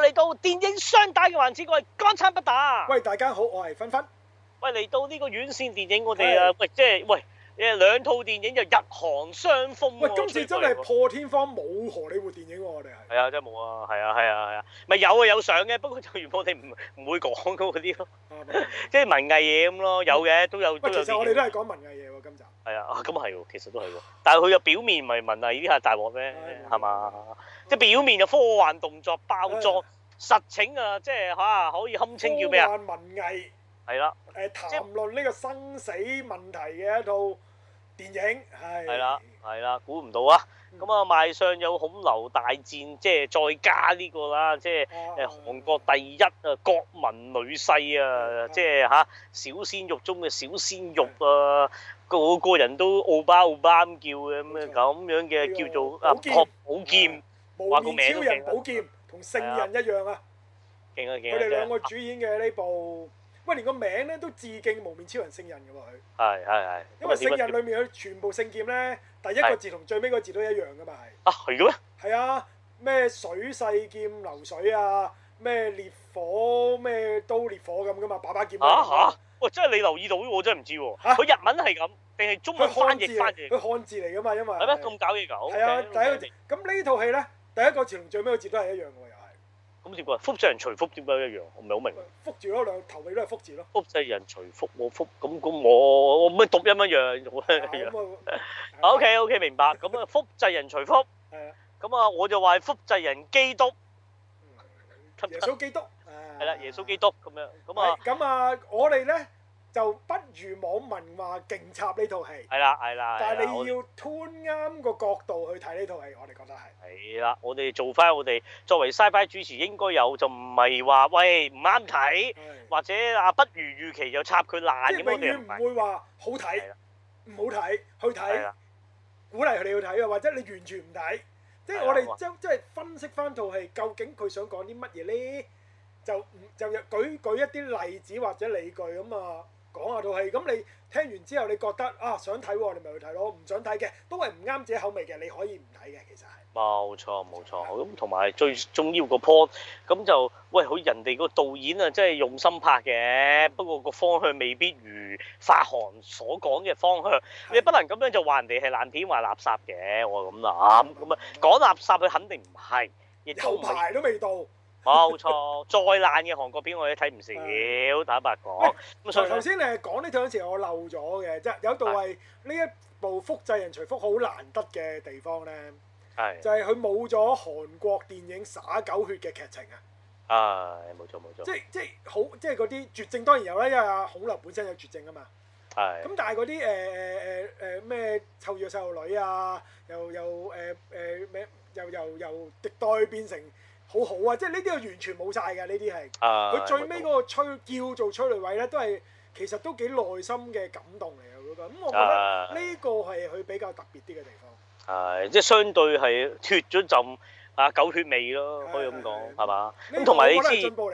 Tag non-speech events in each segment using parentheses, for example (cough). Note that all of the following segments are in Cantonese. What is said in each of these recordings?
嚟到電影雙打嘅環節，各位港產不打。喂，大家好，我係分分。喂，嚟到呢個院線電影，我哋啊，喂，即係喂，誒兩套電影就日韓雙風，啊。今次真係破天荒冇荷里活電影喎，我哋係。係啊，真係冇啊，係啊，係啊，係啊，咪有啊，有相嘅，不過就原本你唔唔會講嗰啲咯。啊、 (laughs) 即係文藝嘢咁咯，有嘅都有都有。我哋都係講文藝嘢喎，今集。係啊，咁係喎，其實都係喎，但係佢嘅表面咪文藝啲係大鑊咩？係嘛？啊 (laughs) 即係表面嘅科幻動作包裝，實情啊，即係嚇可以堪稱叫咩啊？文藝係啦，誒談論呢個生死問題嘅一套電影係啦，係啦，估唔到啊！咁啊，賣相有孔劉大戰，即係再加呢個啦，即係誒韓國第一啊國民女婿啊，即係嚇小鮮肉中嘅小鮮肉啊，個個人都奧巴奧巴叫嘅咁樣嘅叫做啊朴寶劍。幪面超人寶劍同聖刃一樣啊！佢哋兩個主演嘅呢部喂，連個名咧都致敬幪面超人聖刃㗎嘛。佢係係係。因為聖刃裡面佢全部聖劍咧，第一個字同最尾個字都一樣㗎嘛係。啊係嘅咩？係啊，咩水勢劍流水啊，咩烈火咩刀烈火咁㗎嘛，把把劍啊喂，真係你留意到，我真係唔知喎。佢日文係咁，定係中文翻譯翻譯佢漢字嚟㗎嘛，因為係咩咁搞嘢搞。係啊，第一個字。咁呢套戲咧。第一個詞同最尾個字都係一樣喎，又係。咁點解？複製人徐福點解一樣？我唔係好明。福住咯，兩頭尾都係福字咯。複製人徐福冇福，咁咁我我唔咩讀音一樣，我一樣。OK，OK，明白。咁啊，複製人徐福。係啊。咁啊，我就話複製人基督。耶穌基督。係啦，耶穌基督咁樣。咁啊，我哋咧。就不如網民話勁插呢套戲。係啦，係啦。但係你要吞啱個角度去睇呢套戲，我哋覺得係。係啦，我哋做翻我哋作為 Sci-Fi 主持應該有，就唔係話喂唔啱睇，或者啊不如預期就插佢爛咁。我哋唔係。即係永遠唔會話好睇，唔好睇去睇，鼓勵佢哋去睇啊，或者你完全唔睇。即係我哋即即係分析翻套戲，究竟佢想講啲乜嘢咧？就就舉舉一啲例子或者理據咁啊～.講下套戲，咁你聽完之後你覺得啊想睇喎，啊，你咪去睇咯；唔想睇嘅都係唔啱自己口味嘅，你可以唔睇嘅。其實係。冇錯，冇錯。咁同埋最重要個 point，咁就喂，好人哋個導演啊，真係用心拍嘅。不過個方向未必如發行所講嘅方向，的你不能咁樣就話人哋係爛片，話垃圾嘅。我咁諗，咁啊講垃圾佢肯定唔係，亦都未到。冇錯，再爛嘅韓國片我都睇唔少，坦白講。咁頭頭先誒講呢嘢嗰時，我漏咗嘅，即係有道係呢一部《複製人徐福》好難得嘅地方咧，係就係佢冇咗韓國電影灑狗血嘅劇情啊。啊，冇錯冇錯。即即好即係嗰啲絕症當然有啦，因為阿孔劉本身有絕症啊嘛。係。咁但係嗰啲誒誒誒誒咩湊住個細路女啊，又又誒誒咩又又由敵對變成。好好啊！即係呢啲係完全冇晒㗎呢啲係，佢、啊、最尾嗰個催、嗯、叫做催淚位」呢，都係其實都幾內心嘅感動嚟嘅，咁我覺得呢個係佢比較特別啲嘅地方。係、啊啊，即係相對係脫咗浸。啊，狗血味咯，可以咁講，係嘛？咁同埋你知，其實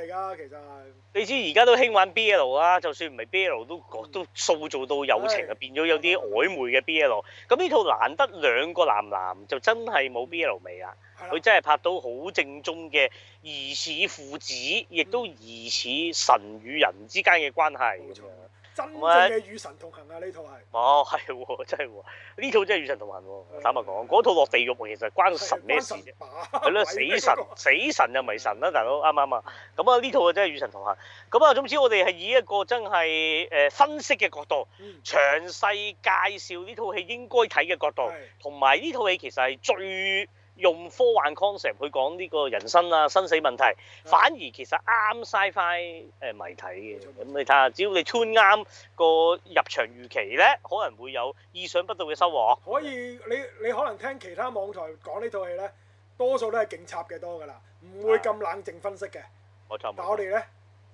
你知而家都興玩 BL 啦、啊，就算唔係 BL 都、嗯、都塑造到友情啊，嗯、變咗有啲曖昧嘅 BL。咁呢、嗯、套難得兩個男男就真係冇 BL 味啊。佢、嗯、真係拍到好正宗嘅疑似父子，亦、嗯、都疑似神與人之間嘅關係。嗯嗯真正嘅與神同行啊！呢套係，哦係喎，真係喎，呢套真係與神同行。坦白講，嗰套落地獄其實關神咩事啫？係咯，死神，死神又唔係神啦，大佬啱啱啊？咁啊，呢套真係與神同行。咁啊，總之我哋係以一個真係誒分析嘅角度，詳細介紹呢套戲應該睇嘅角度，同埋呢套戲其實係最。用科幻 concept 去講呢個人生啊生死問題，是的 反而其實啱晒 sci-fi 呃迷體嘅。咁錯你睇下，只要你穿啱個入場預期咧，可能會有意想不到嘅收穫。可以，你你可能聽其他網台講呢套戲咧，多數都係勁插嘅多㗎啦，唔會咁冷靜分析嘅。冇錯。但我哋咧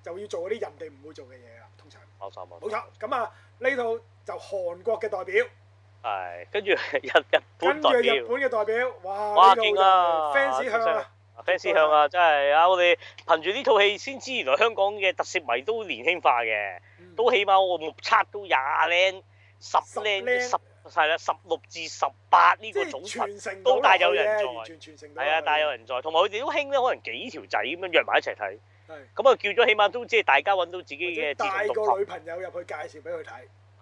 就要做嗰啲人哋唔會做嘅嘢啊，通常。冇錯冇錯。咁啊，呢套就韓國嘅代表。係，跟住日日本代表，日本嘅代表，哇，好勁啊！fans 向啊，fans 向啊，真係啊！我哋憑住呢套戲先知，原來香港嘅特攝迷都年輕化嘅，都起碼我目測都廿靚、十靚、十係啦，十六至十八呢個組群都大有人在，係啊，大有人在。同埋佢哋都興咧，可能幾條仔咁樣約埋一齊睇，咁啊叫咗起碼都即係大家揾到自己嘅志同道合，帶個女朋友入去介紹俾佢睇。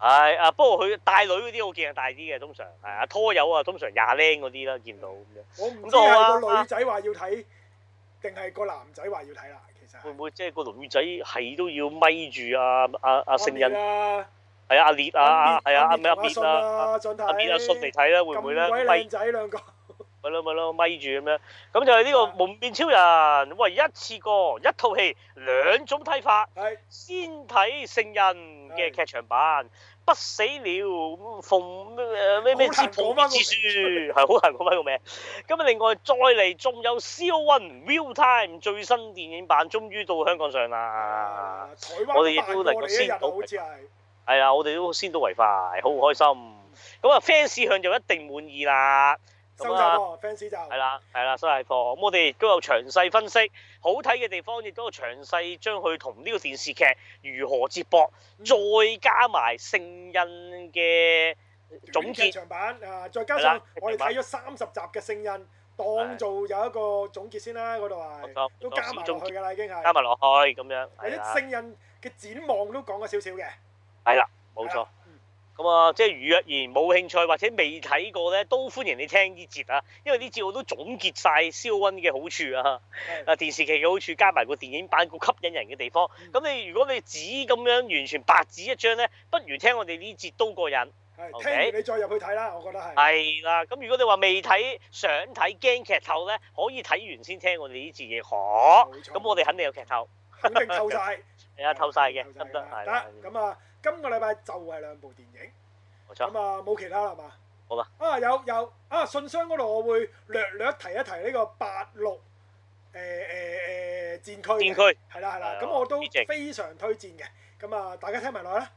係啊、哎，不過佢帶女嗰啲我見係大啲嘅，通常係啊拖友啊，通常廿靚嗰啲啦，見到咁樣、嗯。我唔知係個女仔話要睇，定係個男仔話要睇啦。其實會唔會即係個女仔係都要咪住啊阿啊成印啊，係啊阿烈啊啊，係啊阿咩？阿變啊，阿變啊叔嚟睇咧，會唔會咧？咪仔兩個。咪咯咪咯，咪住咁樣，咁就係呢個幪面超人。喂，一次過一套戲兩種睇法，係先睇聖刃嘅劇場版不死鳥，逢咩咩咩之寶之書係好難講番個名嘅。咁啊，另外再嚟仲有《Zero-One Real Time》最新電影版，終於到香港上啦。我哋亦都能夠先到。係係啊，我哋都先到為快，好開心。咁啊，fans 向就一定滿意啦。收科 fans 集，係啦，係啦收科，咁我哋亦都有詳細分析，好睇嘅地方亦都有詳細將佢同呢個電視劇如何接駁，再加埋《聖刃》嘅總結劇場版。誒、啊，再加上我哋睇咗三十集嘅《聖刃》，當做有一個總結先啦，嗰度係都加埋落去㗎啦，已經係加埋落去咁樣。有啲《聖刃》嘅展望都講咗少少嘅。係啦，冇錯。即係如若然冇興趣或者未睇過咧，都歡迎你聽呢節啊。因為呢節我都總結晒肖温嘅好處啊，啊電視劇嘅好處加埋個電影版個吸引人嘅地方。咁你如果你只咁樣完全白紙一張咧，不如聽我哋呢節都過癮。OK 你再入去睇啦，我覺得係。係啦，咁如果你話未睇、想睇、驚劇透咧，可以睇完先聽我哋呢節嘢學。咁我哋肯定有劇透。肯定透晒。係啊，透曬嘅，得唔得？得，咁啊。今個禮拜就係兩部電影，冇錯，咁啊冇其他啦嘛？好吧，啊有有啊，信箱嗰度我會略略提一提呢個八六誒誒誒戰區嘅，係啦係啦，咁我都非常推薦嘅。咁啊，大家聽埋落啦。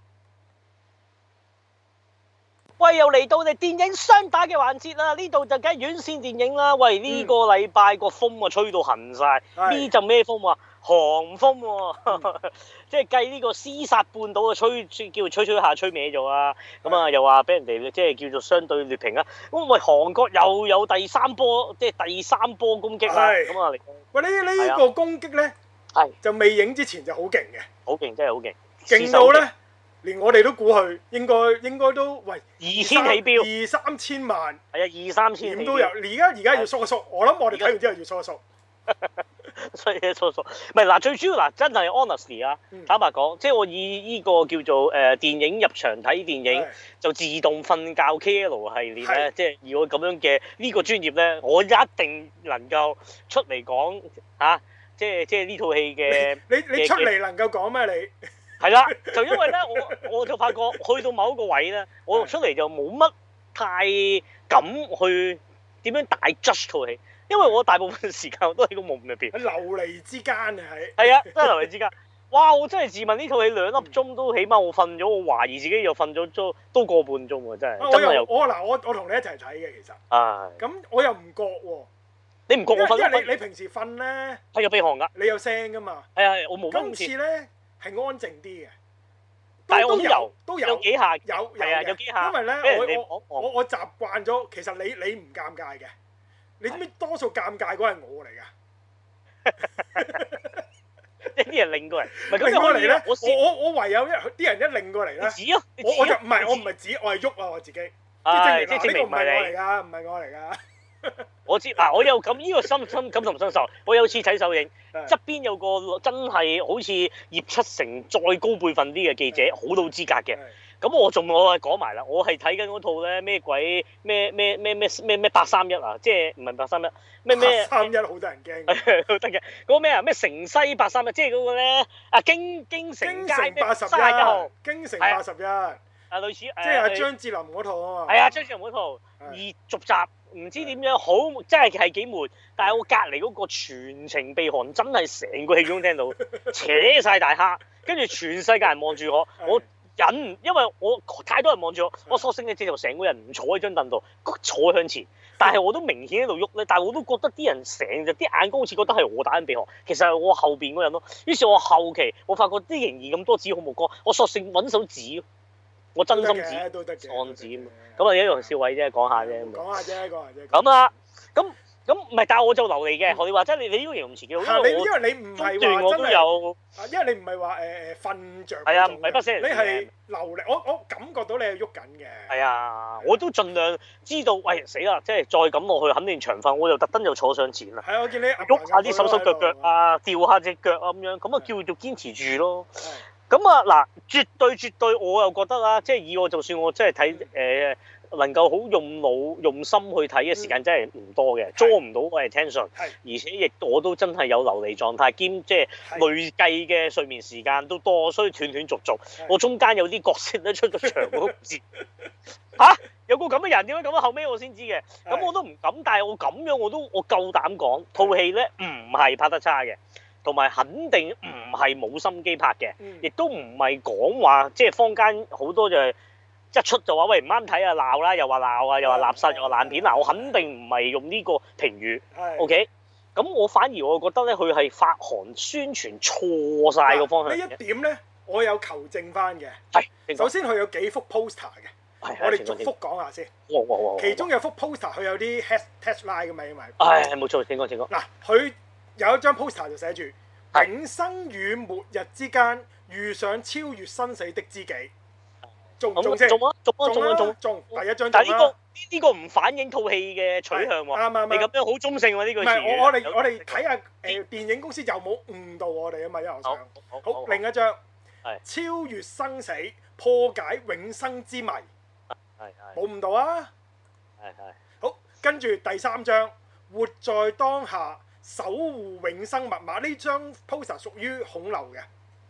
喂，又嚟到我哋電影雙打嘅環節啦，呢度就梗係院線電影啦。喂，呢個禮拜個風啊吹到痕晒，呢陣咩風啊？寒風喎、啊，即係計呢個屍殺半島嘅吹叫吹吹下吹歪咗啊！咁啊是的 又話俾人哋即係叫做相對劣評啊！咁喂，韓國又有第三波即係第三波攻擊啊！咁的啊，喂呢呢個攻擊咧，係的就未影之前就好勁嘅，好勁真係好勁，勁到咧連我哋都估佢應該應該都喂二千起標，二三千萬，係啊二三千萬點都有，而家而家要縮一縮，我諗我哋睇完之後要縮一縮。所以粗俗，唔係嗱，最主要嗱，真係 honestly 啊，坦白講，嗯、即係我以呢個叫做誒、呃、電影入場睇電影是的 就自動瞓覺 K L 系列咧，是的 即係以我咁樣嘅呢、呢個專業咧，我一定能夠出嚟講嚇、啊，即係即係呢套戲嘅。你你出嚟能夠講咩？你係啦 (laughs) 就因為咧，我我就發覺去到某一個位咧，我出嚟就冇乜太敢去點樣大 judge 套戲。因為我大部分時間都喺個夢入邊，流離之間啊，係係啊，都係流離之間。哇！我真係自問呢套戲兩粒鐘都起碼我瞓咗，我懷疑自己又瞓咗都都個半鐘喎，真係。我又我嗱，我我同你一齊睇嘅其實。啊。咁我又唔覺喎。你唔覺我瞓？因為你你平時瞓咧，係有鼻鼾㗎，你有聲㗎嘛？係啊，我冇。今次咧係安靜啲嘅，但係都有都有幾下有啊，有幾下，因為咧我我我我習慣咗，其實你你唔尷尬嘅。你知唔知多數尷尬嗰係我嚟噶？啲 (laughs) (laughs) 人擰過嚟，唔係咁樣嚟咧才。我我我唯有一啲人一擰過嚟咧。指啊！指啊我指我唔係我唔係指，我係喐啊我自己。即證、哎、明唔係你嚟㗎，唔係我嚟㗎。我， (laughs) 我知嗱、啊，我有感呢、呢個深深感同身受。我有次睇首映，側的邊有個真係好似葉七成再高輩分啲嘅記者，好到資格嘅。咁我仲我係講埋啦，我係睇緊嗰套咧咩鬼咩咩咩咩咩咩八三一啊，即係唔係八三一咩咩？八三一好得人驚，得嘅嗰個咩啊咩城西八三一，即係嗰個咧啊京京城街八十一號？京城八十一？31, 31，啊，類似、啊、即係張智霖嗰套啊嘛，係、哎、啊張智霖嗰套、啊、而續集，唔知點樣好，即係係幾悶。但係我隔離嗰個全程鼻鼾，真係成個戲都聽， (laughs) 聽到，扯晒大蝦，跟住全世界人望住我， (laughs) 我。 (laughs) 忍，因為我太多人望住我，的我索性咧，直頭成個人唔坐喺張凳度，坐向前。但係我都明顯喺度喐咧，但係我都覺得啲人成日啲眼光好似覺得係我打緊鼻鼾，其實係我後邊嗰人咯。於是，我後期我發覺啲仍然咁多紙好無辜，我索性揾手指，我真心指，都都按指指。咁啊，一樣而家同少偉啫講下啫。下講下啫，講下啫。咁啊，咁。咁唔係，但係我就流利嘅。可以話即係你你呢個形容詞唔似嘅，因為你唔斷我都有。啊，因為你唔係話誒瞓着，係啊，唔係不你係流力，我我感覺到你係喐緊嘅。係啊，我都盡量知道。喂，死啦！即係再咁落去，肯定長瞓。我就特登就坐上前啦。係啊，我見你喐下啲手手腳腳啊，掉下隻腳啊咁樣，咁啊叫做堅持住咯。咁啊嗱，絕對絕對，我又覺得啊，即係以我就算我真係睇誒。能夠好用腦用心去睇嘅時間真係唔多嘅，捉唔、嗯、到我 attention，是而且亦我，我都真係有流離狀態，兼即係、就是、累計嘅睡眠時間都多，所以斷斷續續，是我中間有啲角色咧出咗場，我都唔知。嚇！有個咁嘅人，點解咁樣後尾我先知嘅？咁是我都唔敢，但係我咁樣我都我夠膽講，套戲咧唔係拍得差嘅，同埋肯定唔係冇心機拍嘅，亦都唔係講話即係坊間好多就嘅、是。一出就話，喂，唔啱睇啊鬧啦，又話鬧啊，又話垃圾又話爛片嗱，我肯定唔係用呢個評語，OK？咁我反而我覺得咧，佢係發行宣傳錯晒個方向。呢一點咧，我有求證翻嘅。係，首先佢有幾幅 poster 嘅，我哋逐幅講下先。哇哇哇！其中有幅 poster 佢有啲 test line 咁樣嘅咪。係冇錯，請講請講。嗱，佢有一張 poster 就寫住《永生與末日之間，遇上超越生死的知己》。做啊，做、啊啊啊、第一張都冇。但呢、呢個呢、呢個唔反映套戲嘅取向喎。啱啊，你咁樣好中性喎呢個字。唔係，我我哋我哋睇下誒、呃、電影公司有冇誤導我哋啊嘛？一路上好。好，好好另一張。係。超越生死，破解永生之謎。係係。冇誤導啊。係係的。好，跟住第三張，活在當下，守護永生密碼，呢張 poster 屬於孔劉嘅。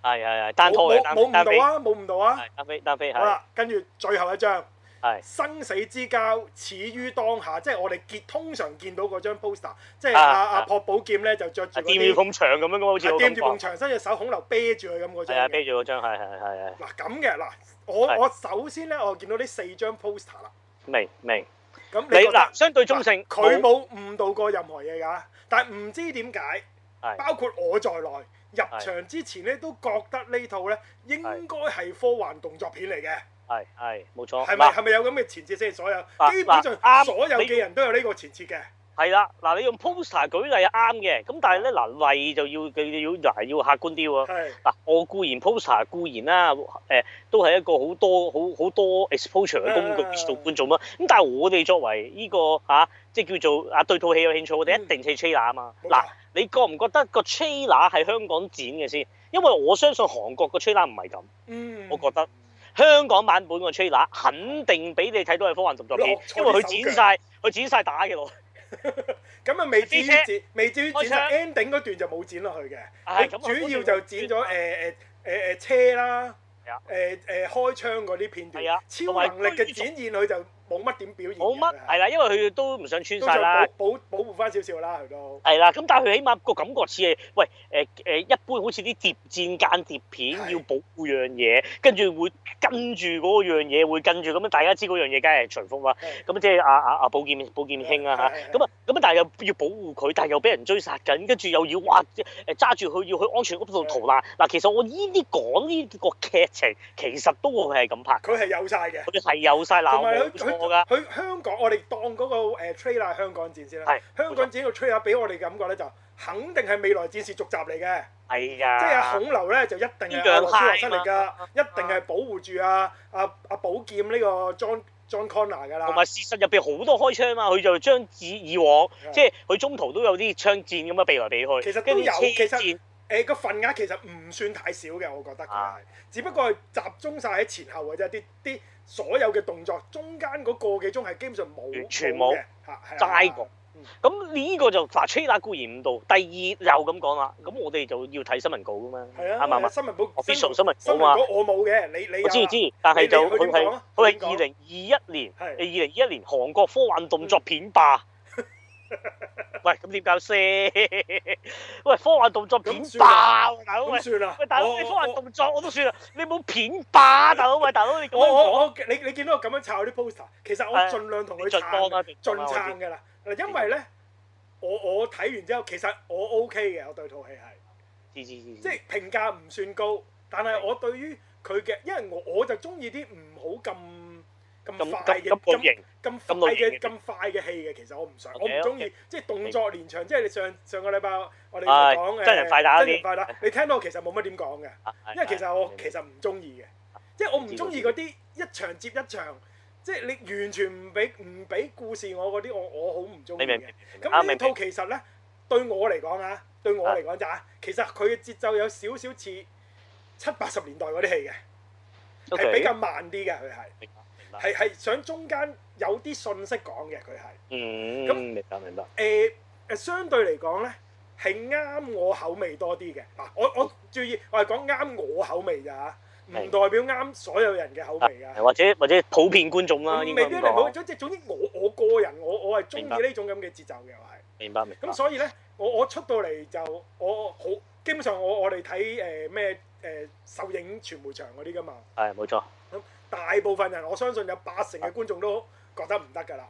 係係係單拖嚟，冇冇誤導啊，冇誤導啊。阿飛單飛好啦，跟住最後一張。係。生死之交始於當下，即係我哋見通常見到嗰張 poster，即係阿阿朴寶劍咧就着住嗰啲。墊住埲牆咁樣噶嘛，好似。掂住埲牆伸隻手孔劉孭住佢咁嗰張。係啊，孭住張，係係係係。嗱咁嘅嗱，我我首先咧，我見到呢四張 poster 啦。明明。咁你覺得相對中性，佢冇誤導過任何嘢噶，但係唔知點解，包括我在內。入場之前咧，都覺得呢套咧應該係科幻動作片嚟嘅。係係冇錯。係咪係咪有咁嘅前設先？所有、啊、基本上啱，啊、所有嘅人都有呢個前設嘅。係啦，嗱，你用 poster 舉例啱嘅。咁但係咧，嗱，為就要要要，係要客觀啲喎。嗱是，我固然 poster 固然啦，誒、呃，都係一個好多好好多 exposure 嘅工具、啊、做觀眾啦。咁但係我哋作為呢、呢個嚇、啊，即係叫做啊，對套戲有興趣，嗯、我哋一定睇 trailer 啊嘛。嗱。你覺唔覺得個 chain 拉係香港剪嘅先？因為我相信韓國個 chain 拉唔係咁。嗯，我覺得香港版本個 chain 拉肯定俾你睇到係科幻動作片，因為佢剪晒，佢腳剪晒打嘅咯。咁啊，未至於槍未至於剪 ending 嗰段就冇剪落去嘅。係、哎呀，主要就剪咗誒誒誒誒車啦，誒、欸、誒開槍嗰啲片段。係啊，超能力嘅展現佢就。有冇乜點表現，冇乜係啦，因為佢都唔想穿晒啦，保保護翻少少啦，佢都係啦。咁但係佢起碼個感覺似係，喂誒誒一般，好似啲諜戰間諜片要保護樣嘢，跟住會跟住嗰樣嘢會跟住咁樣，大家知嗰樣嘢梗係徐福啦。咁即係啊啊啊保劍保劍興啊嚇，咁啊咁啊，但係又要保護佢，但係又俾人追殺緊，跟住又要哇誒揸住佢要去安全屋度逃難。嗱，其實我呢啲講呢個劇情，其實都會係咁拍。佢係有晒嘅，佢係有晒鬧。冇去香港我哋當嗰個 trailer 香港戰先啦。是香港戰呢個 trailer 俾我哋感覺咧，就肯定係未來戰士續集嚟嘅。係呀的，即係阿孔劉咧就一定依樣嚟啦，一定係保護住阿阿阿寶劍呢個 John John Connor 㗎啦。同埋事實入邊好多開槍啊，佢就將指以往的即係佢中途都有啲槍戰咁樣，避來避去。其實都有，其實。誒個份額其實唔算太少嘅，我覺得嘅，只不過係集中晒喺前後嘅啫，啲啲所有嘅動作中間嗰個幾鐘係基本上冇，完全冇，齋搏。咁呢個就查吹啦，固然唔到，第二又咁講啦，咁我哋就要睇新聞稿嘅咩？係啊，係咪啊？新聞稿，嘛。我冇嘅，你你。我知知，但係就佢係佢係二零二一年，誒二零二一年韓國科幻動作片霸。喂，咁點搞先？喂，科幻動作片爆，大佬，咁算啦？喂，大佬，你科幻動作我都算啦，你冇片霸，大佬喂，大佬你咁樣我你你見到我咁樣拆啲 poster，其實我盡量同佢盡盡拆噶啦。因為咧，我我睇完之後，其實我 OK 嘅，我對套戲係，即係評價唔算高，但係我對於佢嘅，因為我我就中意啲唔好咁。咁快嘅，咁咁快嘅，咁快嘅戲嘅，其實我唔想，我唔中意，即係動作連場，即係你上上個禮拜我哋講嘅，真人快打，真人快打！你聽到其實冇乜點講嘅，因為其實我其實唔中意嘅，即係我唔中意嗰啲一場接一場，即係你完全唔俾唔俾故事我嗰啲，我我好唔中意嘅。咁呢套其實咧，對我嚟講啊，對我嚟講就啊，其實佢嘅節奏有少少似七八十年代嗰啲戲嘅，係比較慢啲嘅佢係。係係想中間有啲信息講嘅，佢係。嗯。咁明白，明白。誒誒，相對嚟講咧，係啱我口味多啲嘅。嗱，我我注意，我係講啱我口味咋嚇，唔代表啱所有人嘅口味啊。或者或者普遍觀眾啦，應該。總之總之，我我個人我我係中意呢種咁嘅節奏嘅，我係。明白明白。咁所以咧，我我出到嚟就我好，基本上我我哋睇誒咩誒首映傳媒場嗰啲噶嘛。係，冇錯。大部分人，我相信有八成嘅觀眾都覺得唔得㗎啦。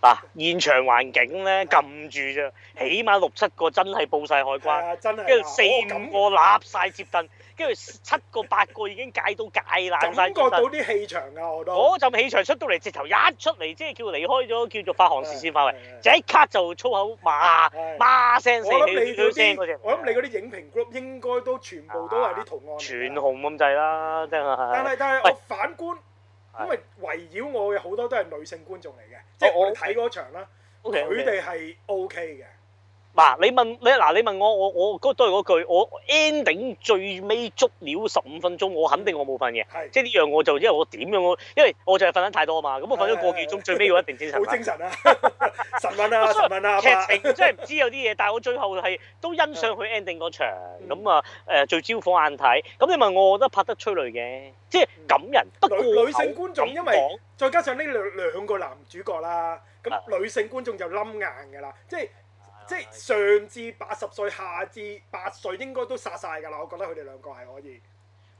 嗱、啊，現場環境呢，撳住啫，起碼六七個真係報晒海關，跟住、啊、四五個揦晒、哦、接駁。 (laughs) 跟住七個八個已經戒到戒啦，感覺到啲氣場啊！我都嗰陣氣場出到嚟，直頭一出嚟，即係叫離開咗，叫做發行時時發威，即刻就粗口罵罵聲死我你嗰啲，我諗你嗰啲影評 group 應該都全部都係啲同案，全、啊、紅咁滯啦，真係歌。但係是但係我反觀，因為圍繞我嘅好多都係女性觀眾嚟嘅，即係是我哋睇嗰場啦，佢哋係 OK 嘅、OK。嗱，你問你嗱，你問我，我我都係嗰句，我 ending 最尾足料十五分鐘，我肯定我冇瞓嘅，即係呢樣我就因為我點樣我，因為我就係瞓得太多啊嘛，咁我瞓咗個幾鍾，最尾要一定精神，好精神啊，神韻啊，神韻啊，劇情真係唔知有啲嘢，但係我最後係都欣賞佢 ending 嗰場，咁啊誒最焦火眼睇，咁你問我，我覺得拍得催淚嘅，即係感人，不過女性觀眾因為再加上呢兩兩個男主角啦，咁女性觀眾就冧硬㗎啦，即係。即係上至八十歲，下至八歲，應該都殺晒㗎啦！我覺得佢哋兩個係可以。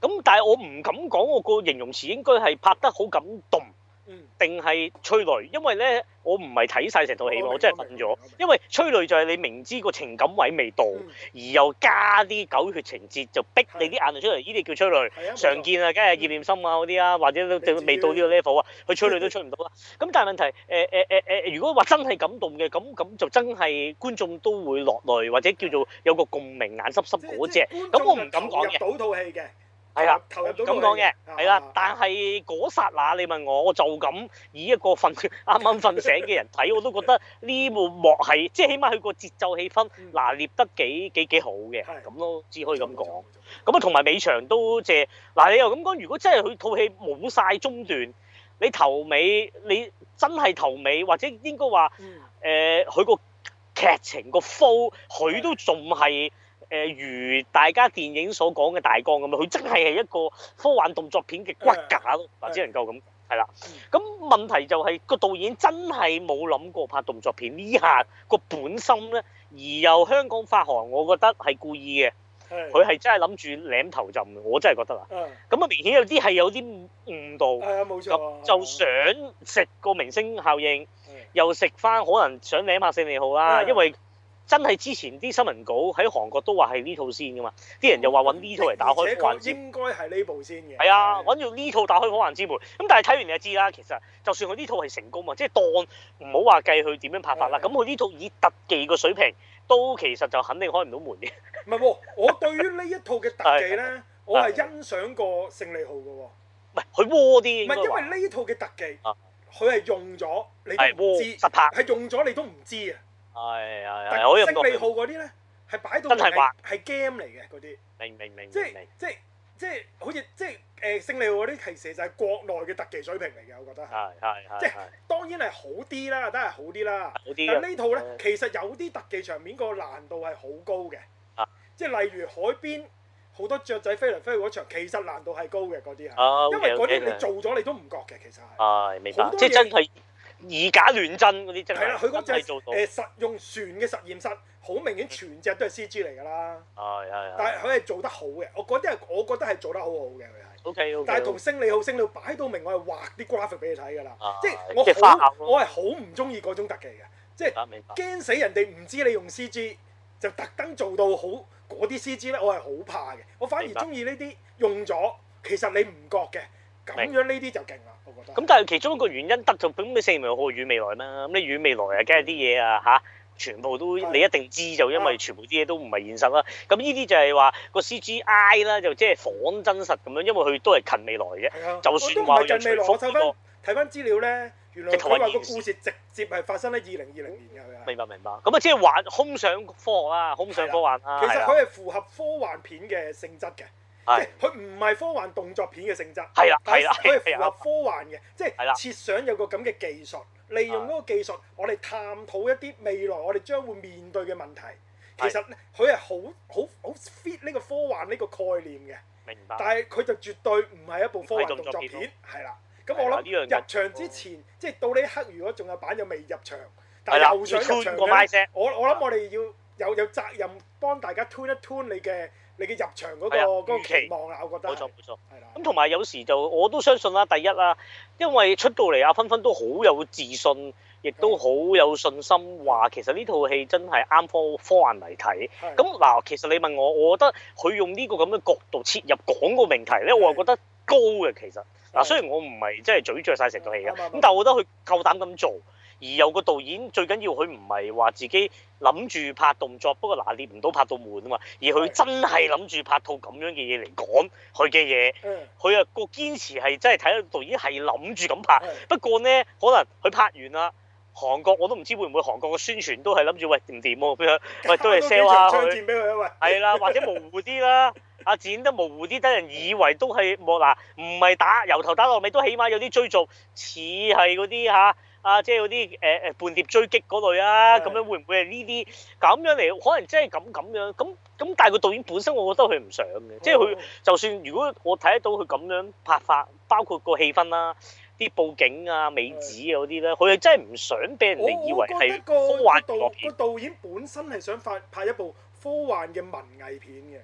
咁但係我唔敢講，我個形容詞應該係拍得好感動。定係催淚，因為咧我唔係睇晒成套戲，我真係瞓咗。因為催淚就係你明知個情感位未到，嗯、而又加啲狗血情節，就逼你啲眼淚出嚟，呢啲的叫催淚。的常見啊，梗係葉念心啊嗰啲、嗯、啊，或者都未到呢個 level 啊，佢催淚都吹唔到啦。咁的但係問題誒誒誒誒，如果話真係感動嘅，咁咁就真係觀眾都會落淚，或者叫做有個共鳴，眼濕濕嗰隻的。咁我唔敢講嘅。係啊，咁講嘅，係啦。但係嗰剎那你問我，我就咁以一個瞓啱啱瞓醒嘅人睇，我都覺得呢部幕係 (laughs) 即係起碼佢個節奏氣氛，嗱，捏得幾幾幾好嘅，咁咯，只可以咁講。咁啊，同埋尾場都借嗱、啊，你又咁講，如果真係佢套戲冇晒中段，你頭尾你真係頭尾，或者應該話誒佢個劇情個 flow，佢都仲係。誒如大家電影所講嘅大綱咁啊，佢真係係一個科幻動作片嘅骨架咯，嗱只能夠咁係啦。咁問題就係、是、個導演真係冇諗過拍動作片呢下個本心咧，而又香港發行，我覺得係故意嘅。佢係真係諗住舐頭就嘅，我真係覺得啊。嗯。咁啊，明顯有啲係有啲誤導。係咁、哎啊、就，就想食個明星效應，又食翻可能想舐下勝利號啦，因為。真係之前啲新聞稿喺韓國都話係呢套先㗎嘛，啲人又話揾呢套嚟打開。這羣應該係呢部先嘅。係啊的，揾住呢套打開火環之門。咁但係睇完你就知啦，其實就算佢呢套係成功啊，即係當唔好話計佢點樣拍法啦，咁佢呢套以特技個水平，都其實就肯定開唔到門嘅。唔係喎，我對於呢一套嘅特技咧， (laughs) 的我係欣賞過《勝利號》嘅喎。唔係佢窩啲。唔係因為呢套嘅特技，佢係用咗你都唔知實拍，係用咗你都唔知啊。的係係，但係勝利號嗰啲咧，係擺到係 game 嚟嘅嗰啲，明明明，即係即係即係好似即係誒勝利號嗰啲，其實就係國內嘅特技水平嚟嘅，我覺得係，係係，即係當然係好啲啦，真係好啲啦。好啲但呢套咧，其實有啲特技場面個難度係好高嘅，即係例如海邊好多雀仔飛嚟飛去嗰場，其實難度係高嘅嗰啲啊，因為嗰啲你做咗你都唔覺嘅，其實係，明白，即係真係。以假亂真啲真啦，佢嗰隻誒實用船嘅實驗室，好明顯全隻都係 CG 嚟㗎啦。但係佢係做得好嘅，我嗰啲我覺得係做得好好嘅佢係。但係同勝利號，勝利號擺到明，我係畫啲 graphic 俾你睇㗎啦。即係我好，我係好唔中意嗰種特技嘅，即係驚死人哋唔知你用 CG 就特登做到好嗰啲 CG 咧，我係好怕嘅。我反而中意呢啲用咗，其實你唔覺嘅，咁樣呢啲就勁啦。咁但係其中一個原因得就咁，你四唔係好遠未來咩？咁你遠未來啊，梗係啲嘢啊嚇，全部都你一定知，就因為全部啲嘢都唔係現實啦。咁呢啲就係話個 CGI 啦，GI，就即係仿真實咁樣，因為佢都係近未來嘅。的就算話近未來，睇翻資料咧，嗯、原來你話個故事直接係發生喺二零二零年。明白、嗯、明白。咁啊，即係玩空想科學啦，空想科幻啦。嗯、其實佢係符合科幻片嘅性質嘅。嗯對嗯即係佢唔係科幻動作片嘅性質，係啦，係啦，佢係符合科幻嘅，即係設想有個咁嘅技術，利用嗰個技術，我哋探討一啲未來我哋將會面對嘅問題。其實佢係好好好 fit 呢個科幻呢個概念嘅。明白。但係佢就絕對唔係一部科幻動作片。係啦。咁我諗入場之前，即係到呢一刻，如果仲有班友未入場，但係又想入場，我我諗我哋要有有責任幫大家 tune 一 tune 你嘅。你嘅入場嗰個嗰個期望啊，我覺得冇錯冇錯，係啦。咁同埋有時就我都相信啦，第一啦，因為出到嚟阿芬芬都好有自信，亦都好有信心話其實呢套戲真係啱科科幻嚟睇。咁嗱的，其實你問我，我覺得佢用呢個咁嘅角度切入講個命題咧，的我又覺得高嘅其實。嗱的，雖然我唔係即係咀嚼晒成套戲嘅，咁的但係我覺得佢夠膽咁做。而有個導演最緊要佢唔係話自己諗住拍動作，不過嗱，捏唔到拍到悶啊嘛。而佢真係諗住拍套咁樣嘅嘢嚟講佢嘅嘢，佢啊個堅持係真係睇到導演係諗住咁拍。嗯、不過呢，可能佢拍完啦，韓國我都唔知會唔會韓國嘅宣傳都係諗住喂唔掂喎，行不如、啊、喂都嚟 sell 下佢，係啦， (laughs) 或者模糊啲啦，啊剪得模糊啲，等人以為都係莫嗱，唔係打由頭打到尾，都起碼有啲追逐，似係嗰啲嚇。啊啊，即係嗰啲誒誒半碟追擊嗰類啊，咁的樣會唔會係呢啲咁樣嚟？可能真係咁咁樣咁咁，但係個導演本身我覺得佢唔想嘅，哦、即係佢就算如果我睇得到佢咁樣拍法，包括個氣氛啦、啊、啲佈景啊、美指啊嗰啲咧，佢係的真係唔想俾人哋以為係科幻片。個個導演本身係想發拍一部科幻嘅文藝片嘅，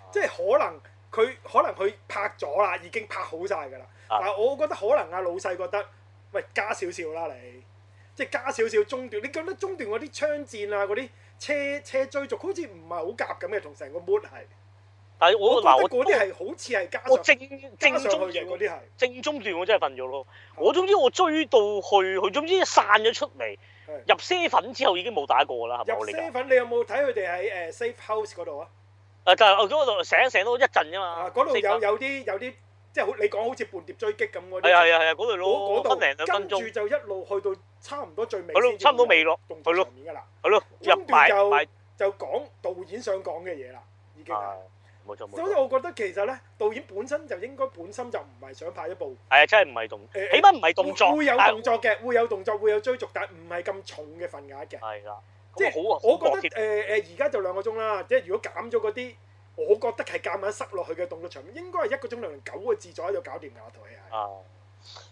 啊、即係可能佢可能佢拍咗啦，已經拍好晒㗎啦。但，我覺得可能阿老細覺得。加少少啦你，即係加少少中段。你覺得中段嗰啲槍戰啊，嗰啲車車追逐，好似唔係好夾咁嘅，同成個 mood 係。但係我嗱，我嗰啲係好似係加我正加正中段嗰啲係。正中段我真係瞓咗咯。嗯、我總之我追到去，佢總之散咗出嚟，嗯、入啡粉之後已經冇打過啦，係咪？入啡粉，你有冇睇佢哋喺誒 safe house 嗰度啊？誒，但係嗰度醒一醒都一陣啫嘛。嗰度有有啲有啲。即係好，你講好似叛諜追擊咁嗰啲。係係係，嗰度攞分零兩分鐘。跟住就一路去到差唔多最尾差唔多未落動作場面㗎啦。係咯、啊，中段就就講導演想講嘅嘢啦，已經啦。啊、所以，我覺得其實咧，導演本身就應該本身就唔係想拍一部。係啊，真係唔係動。誒、呃、起碼唔係動作。會有動作嘅，是會有動作，會有追逐，但係唔係咁重嘅份額嘅。係啦、啊，即係好。我覺得誒誒，而家、嗯呃、就兩個鐘啦，即係如果減咗嗰啲。我覺得係夾硬塞落去嘅動作場面，應該係一個鐘零九個字左右搞掂㗎。套戲係啊，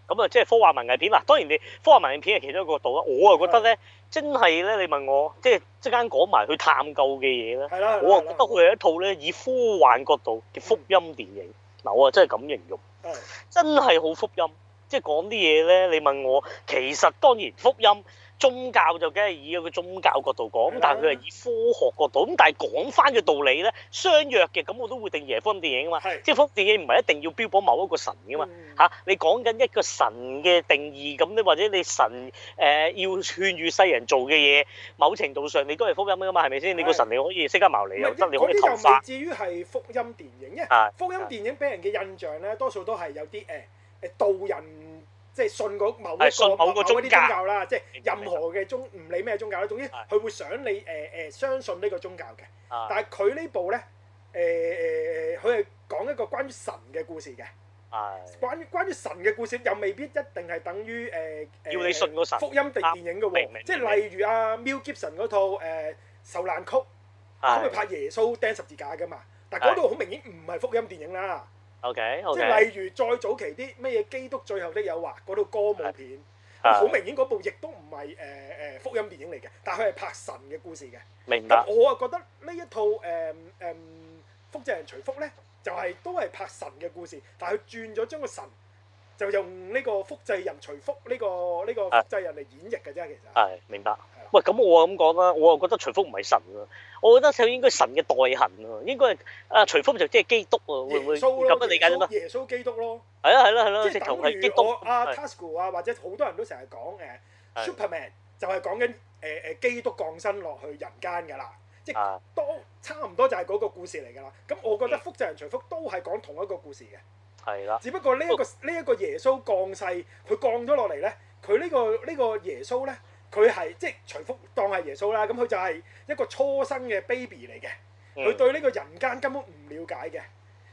咁啊，即係科幻文藝片啦。當然，你科幻文藝片係其中一個角度啦。我啊覺得咧，的真係咧，你問我即係即刻講埋去探究嘅嘢咧，我啊覺得佢係一套咧以科幻角度嘅福音電影。嗱、嗯，我啊真係咁形容，的真係好福音，即係講啲嘢咧。你問我，其實當然福音。宗教就梗係以一個宗教角度講，咁但係佢係以科學角度，咁但係講翻嘅道理咧，相若嘅，咁我都會定義係福音電影啊嘛，即係福音電影唔係一定要標榜某一個神噶嘛，嚇，你講緊一個神嘅定義咁，或者你神誒要勸喻世人做嘅嘢，某程度上你都係福音啊嘛，係咪先？你個神你可以釋迦牟尼又得，你可以投化。未至於係福音電影啫，福音電影俾人嘅印象咧，多數都係有啲誒誒導人。即係信個某一個某個宗教，即係任何嘅宗唔理咩宗教啦。總之佢會想你誒誒相信呢個宗教嘅。但係佢呢部咧誒誒，佢係講一個關於神嘅故事嘅。關關於神嘅故事又未必一定係等於誒誒要你信福音定電影嘅喎。即係例如阿 Mel Gibson 嗰套誒受難曲，咁佢拍耶穌釘十字架噶嘛。但係嗰度好明顯唔係福音電影啦。O K，即係例如再早期啲咩嘢？基督最後的誘惑嗰套歌舞片，好的明顯嗰部亦都唔係誒誒福音電影嚟嘅，但係佢係拍神嘅故事嘅。明白。我啊覺得呢一套誒誒複製人徐福咧，就係都係拍神嘅故事，但係佢轉咗將個神就用呢個複製人徐福呢個呢個複製人嚟演繹嘅啫，其實。係，明白。喂，咁我咁講啦，我又覺得徐福唔係神啊，我覺得佢應該神嘅代行啊，應該阿徐福就即係基督啊，會唔會咁理穣解啫嘛？耶穌基督咯，係啦係啦係啦，即係等於阿督、啊、Tasuku 啊，或者好多人都成日、啊、的講誒 Superman 就係講緊誒誒基督降生落去人間噶啦，即係都差唔多就係嗰個故事嚟噶啦。咁我覺得複製人徐福都係講同一個故事嘅，係啦的。只不過呢、這、一個呢一個耶穌降世，佢降咗落嚟咧，佢呢、這個呢、這個這個耶穌咧。佢係即係徐福當係耶穌啦，咁佢就係一個初生嘅 baby 嚟嘅，佢對呢個人間根本唔了解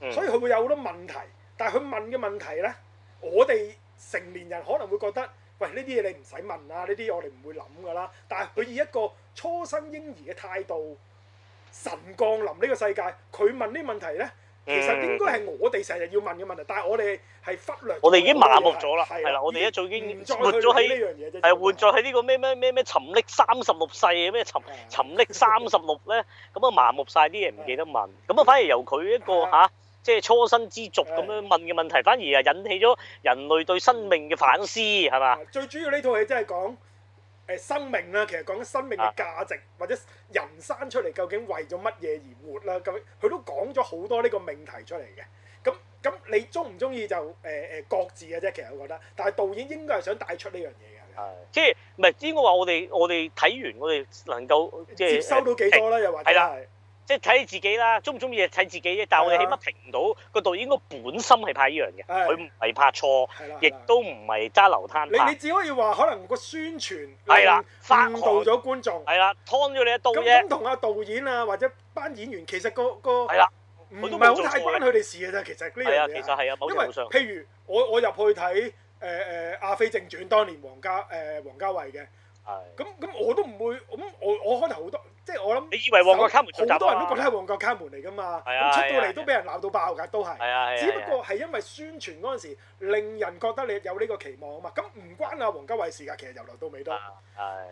嘅，所以佢會有好多問題。但係佢問嘅問題呢，我哋成年人可能會覺得，喂呢啲嘢你唔使問啊，呢啲我哋唔會諗㗎啦。但係佢以一個初生嬰兒嘅態度，神降臨呢個世界，佢問呢問題呢。其實應該係我哋成日要問嘅問題，但係我哋係忽略。我哋已經麻木咗啦，係啦，我哋一早已經活咗喺，係活咗喺呢個咩咩咩咩沉溺三十六世嘅咩沉沉溺三十六咧，咁啊麻木晒啲嘢唔記得問，咁啊反而由佢一個嚇，即係初生之族咁樣問嘅問題，反而啊引起咗人類對生命嘅反思，係嘛？最主要呢套嘢真係講。生命啦，其實講緊生命嘅價值，啊、或者人生出嚟究竟為咗乜嘢而活啦？咁佢都講咗好多呢個命題出嚟嘅。咁咁你鍾唔鍾意就誒誒、呃呃、各自嘅啫？其實我覺得，但係導演應該係想帶出呢樣嘢嘅。係，即係唔係應該話我哋我哋睇完我哋能夠即係接收到幾多啦，又或者係。即係睇你自己啦，中唔中意係睇自己啫。但係我哋起碼評唔到個導演應該本身係、哎、拍呢樣嘅，佢唔係拍錯，亦都唔係揸流灘。你你只可以話可能個宣傳誤導咗觀眾，係啦、啊，劏咗你一刀啫。咁咁同阿導演啊或者班演員其實個個唔係好太關佢哋事嘅啫，其實呢、那、樣、個那個、啊，有其實係啊，某程度上。譬如我我入去睇誒誒《阿飛正傳》當年王家誒、呃、王家衞嘅，咁咁、啊、我都唔會咁我我開頭好多。即係我諗，你以為旺角卡門，好多人都覺得係旺角卡門嚟㗎嘛？咁出到嚟都俾人鬧到爆㗎，都係。係啊，只不過係因為宣傳嗰陣時，令人覺得你有呢個期望啊嘛。咁唔關阿黃家衞事㗎，其實由頭到尾都係。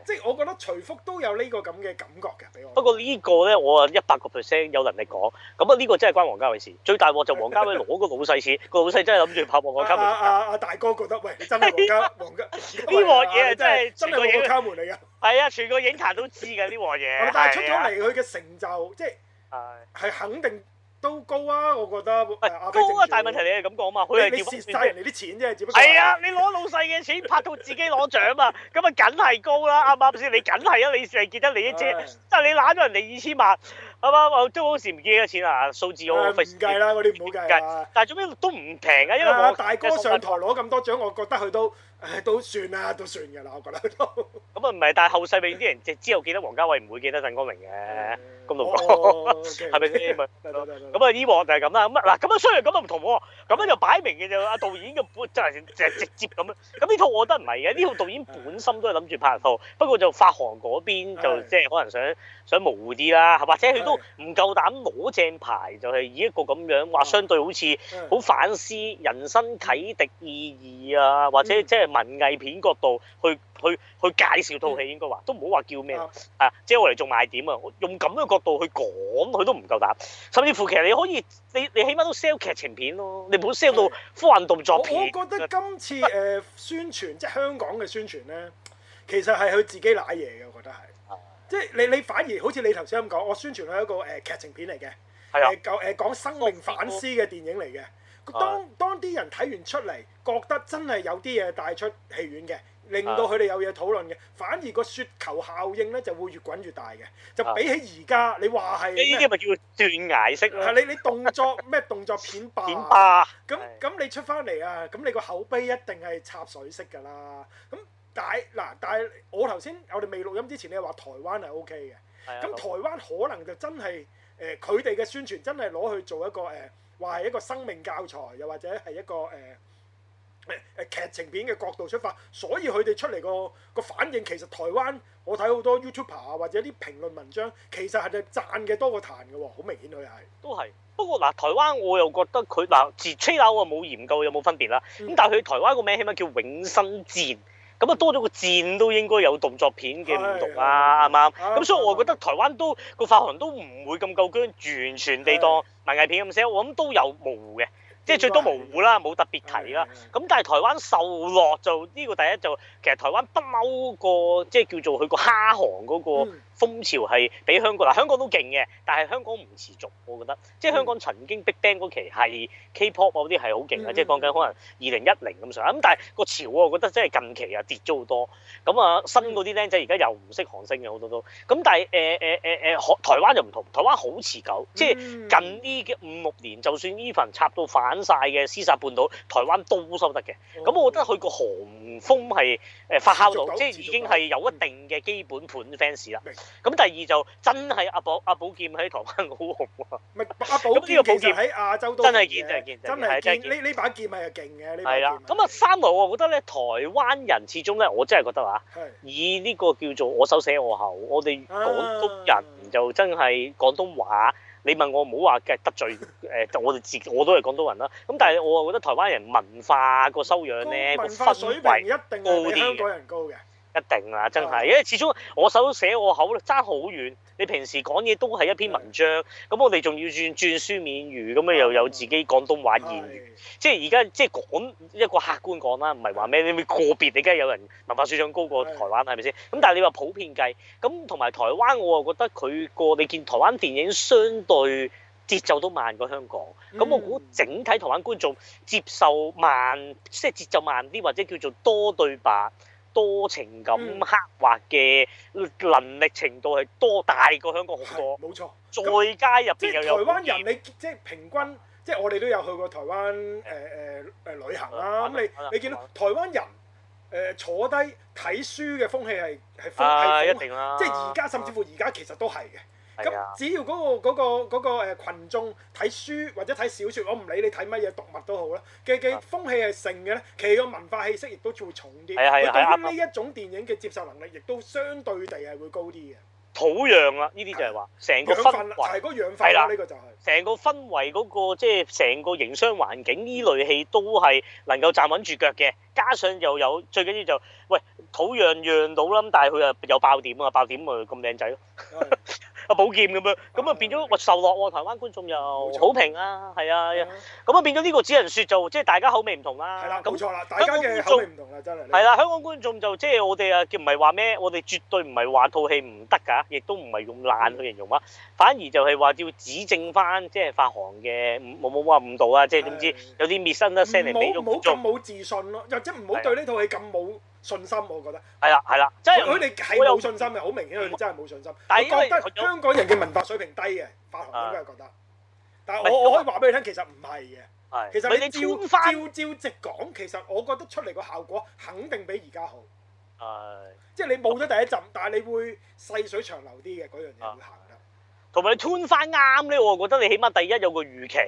即係我覺得徐福都有呢個咁嘅感覺嘅，俾我。不過呢個咧，我啊一百個 percent 有能力講。咁啊，呢個真係關黃家衞事。最大鑊就黃家衞攞個老細錢，個老細真係諗住拍旺角卡門。啊啊大哥覺得喂，你真係黃家黃家，呢鑊嘢真係真係旺角卡門嚟㗎。係啊，全個影壇都知㗎呢鑊嘢。 (laughs) 但係出咗嚟佢嘅成就，即係係、啊、肯定都高啊！我覺得高啊！大係問題你係咁講嘛？佢係蝕曬人哋啲錢啫，只係 (laughs) 啊！你攞老細嘅錢拍到自己攞獎嘛啊！咁啊，梗係高啦，啱唔啱先？你梗係啊，你係既得利益者，啊、但係你攬咗人哋二千萬。啊嘛，我好係時唔記得幾多錢啦，數字我唔計啦，嗰啲唔好計，但係做咩都唔平嘅，因為我大哥上台攞咁多獎，我覺得佢都誒都算啦，都算嘅啦，我覺得都。咁啊唔係，但係後世咪啲人就之後記得王家衛唔會記得鄧光明嘅，咁講係咪先？咁啊呢鑊就係咁啦。咁啊嗱，咁樣雖然咁都唔同喎，咁樣就擺明嘅就阿導演嘅本真係就係直接咁樣。咁呢套我覺得唔係嘅，呢套導演本心都係諗住拍一套，不過就發行嗰邊就即係可能想想模糊啲啦，或者佢都唔夠膽攞正牌，就係、是、以一個咁樣話，相對好似好反思人生啟迪意義啊，或者即係文藝片角度去、嗯、去去，去介紹套戲，應該話都唔好話叫咩、嗯、啊，即係我嚟做賣點啊，用咁嘅角度去講，佢都唔夠膽。甚至乎其實你可以，你你起碼都 sell 劇情片咯，你唔好 sell 到科幻動作片我。我覺得今次誒、呃、宣傳即係香港嘅宣傳咧，其實係佢自己賴嘢嘅，我覺得係。即係你你反而好似你頭先咁講，我宣傳係一個誒、呃、劇情片嚟嘅，係啊的，舊誒、呃、講生命反思嘅電影嚟嘅。當當啲人睇完出嚟，覺得真係有啲嘢帶出戲院嘅，令到佢哋有嘢討論嘅，的反而個雪球效應咧就會越滾越大嘅。就比起而家你話係，呢啲咪叫做斷崖式咧？係你你動作咩動作片霸？片霸。咁咁你出翻嚟啊？咁你個口碑一定係插水式㗎啦。咁。但係嗱，但係我頭先我哋未錄音之前，你話台灣係 OK 嘅，咁的台灣可能就真係誒佢哋嘅宣傳真係攞去做一個誒，話、呃、係一個生命教材，又或者係一個誒誒、呃、劇情片嘅角度出發，所以佢哋出嚟個個反應其實台灣，我睇好多 YouTuber 啊或者啲評論文章，其實係讚嘅多過彈嘅喎，好明顯佢係。都係，不過嗱台灣我又覺得佢嗱自吹啦，我冇研究有冇分別啦，咁、嗯、但係佢台灣個名起碼叫永生戰。咁啊，多咗個戰都應該有動作片嘅唔同啊，啱啱？咁所以我覺得台灣都個發行都唔會咁夠薑，完全地當文藝片咁寫，我諗都有模糊嘅，即係最多模糊啦，冇的特別提啦。咁但係台灣受落就呢、這個第一就，其實台灣不嬲、那個，即係叫做佢個蝦行嗰、那個。的風潮係比香港嗱，香港都勁嘅，但係香港唔持續，我覺得。即係香港曾經 Big Bang 嗰期係 K-pop 嗰啲係好勁啊，即係講緊可能二零一零咁上下，咁但係個潮我覺得即係近期啊跌咗好多。咁啊，新嗰啲僆仔而家又唔識韓星嘅好多都。咁但係誒誒誒誒，台灣又唔同，台灣好持久。即係、嗯、近呢嘅五六年，就算 even 插到反晒嘅屍殺半島，台灣都收得嘅。咁、哦、我覺得佢個韓風係誒發酵到，即係已經係有一定嘅基本盤 fans 啦。咁第二就真係阿寶阿寶劍喺台灣好紅喎，咪阿寶呢個寶劍喺亞洲都真係見真係見，呢呢把劍咪又勁嘅呢把劍。咁啊，三來我覺得咧，台灣人始終咧，我真係覺得啊，以呢個叫做我手寫我口，我哋廣東人就真係廣東話。你問我唔好話得罪誒，我哋自我都係廣東人啦。咁但係我啊覺得台灣人文化個修養咧個氛圍一定係比香港人高嘅。一定啦，真係，因為始終我手寫我口差好遠。你平時講嘢都係一篇文章，咁的我哋仲要轉轉書面語，咁樣又有自己廣東話言語。的即係而家即係講一個客觀講啦，唔係話咩？你咪個別，你梗係有人文化水準高過台灣，係咪先？咁的但係你話普遍計，咁同埋台灣，我又覺得佢個你見台灣電影相對節奏都慢過香港。咁的我估整體台灣觀眾接受慢，即係節奏慢啲，或者叫做多對白，多情感刻畫嘅能力程度係多大過香港好多？冇錯，再加入邊又有有台灣人你即係平均，即係我哋都有去過台灣誒誒誒旅行啦。咁、 (noise) 嗯、你、嗯、你,你見到台灣人誒、呃、坐低睇書嘅風氣係係風係風，一定啦、即係而家甚至乎而家、啊啊、其實都係嘅。咁只要嗰、嗰個嗰、嗰個嗰、嗰個、嗰個、群眾睇書或者睇小說，我唔理你睇乜嘢讀物都好啦。嘅嘅風氣係盛嘅咧，其個文化氣息亦都會重啲，佢 (music) 對呢一種電影嘅接受能力亦都相對地係會高啲嘅。土壤啦，呢啲就係話成個氛圍係嗰養分啦，呢個就係、是、成個氛圍嗰對個即係成個營商環境呢類戲都係能夠站穩住腳嘅。加上又有最緊要就喂土壤養到啦，但係佢又有爆點啊！爆點咪咁靚仔咯～ (laughs) (music) 個寶劍咁樣，咁啊，變咗我受落喎，台灣觀眾又好評啊，係啊，咁啊，變咗呢個只能說就即係大家口味唔同啦。係啦，冇錯啦，大家嘅口味唔同啦，真係。係啦，香港觀眾就即係我哋啊叫唔係話咩，我哋絕對唔係話套戲唔得噶，亦都唔係用爛去形容啊，反而就係話要指正翻即係發行嘅冇冇話誤導啊，即係總之有啲滅生嘅聲嚟俾觀眾。冇咁冇自信咯，又即係唔好對呢套戲咁冇。信心，我覺得係啦，係啦，即係佢哋係冇信心嘅，好明顯佢哋真係冇信心。但佢覺得香港人嘅文化水平低嘅，發行應該係覺得。但係我我可以話俾你聽，其實唔係嘅。其實你 turn 翻，照照直講，其實我覺得出嚟個效果肯定比而家好。係。即係你冇咗第一陣，但係你會細水長流啲嘅嗰樣嘢會行得。同埋你 turn 翻啱咧，我又覺得你起碼第一有個預期。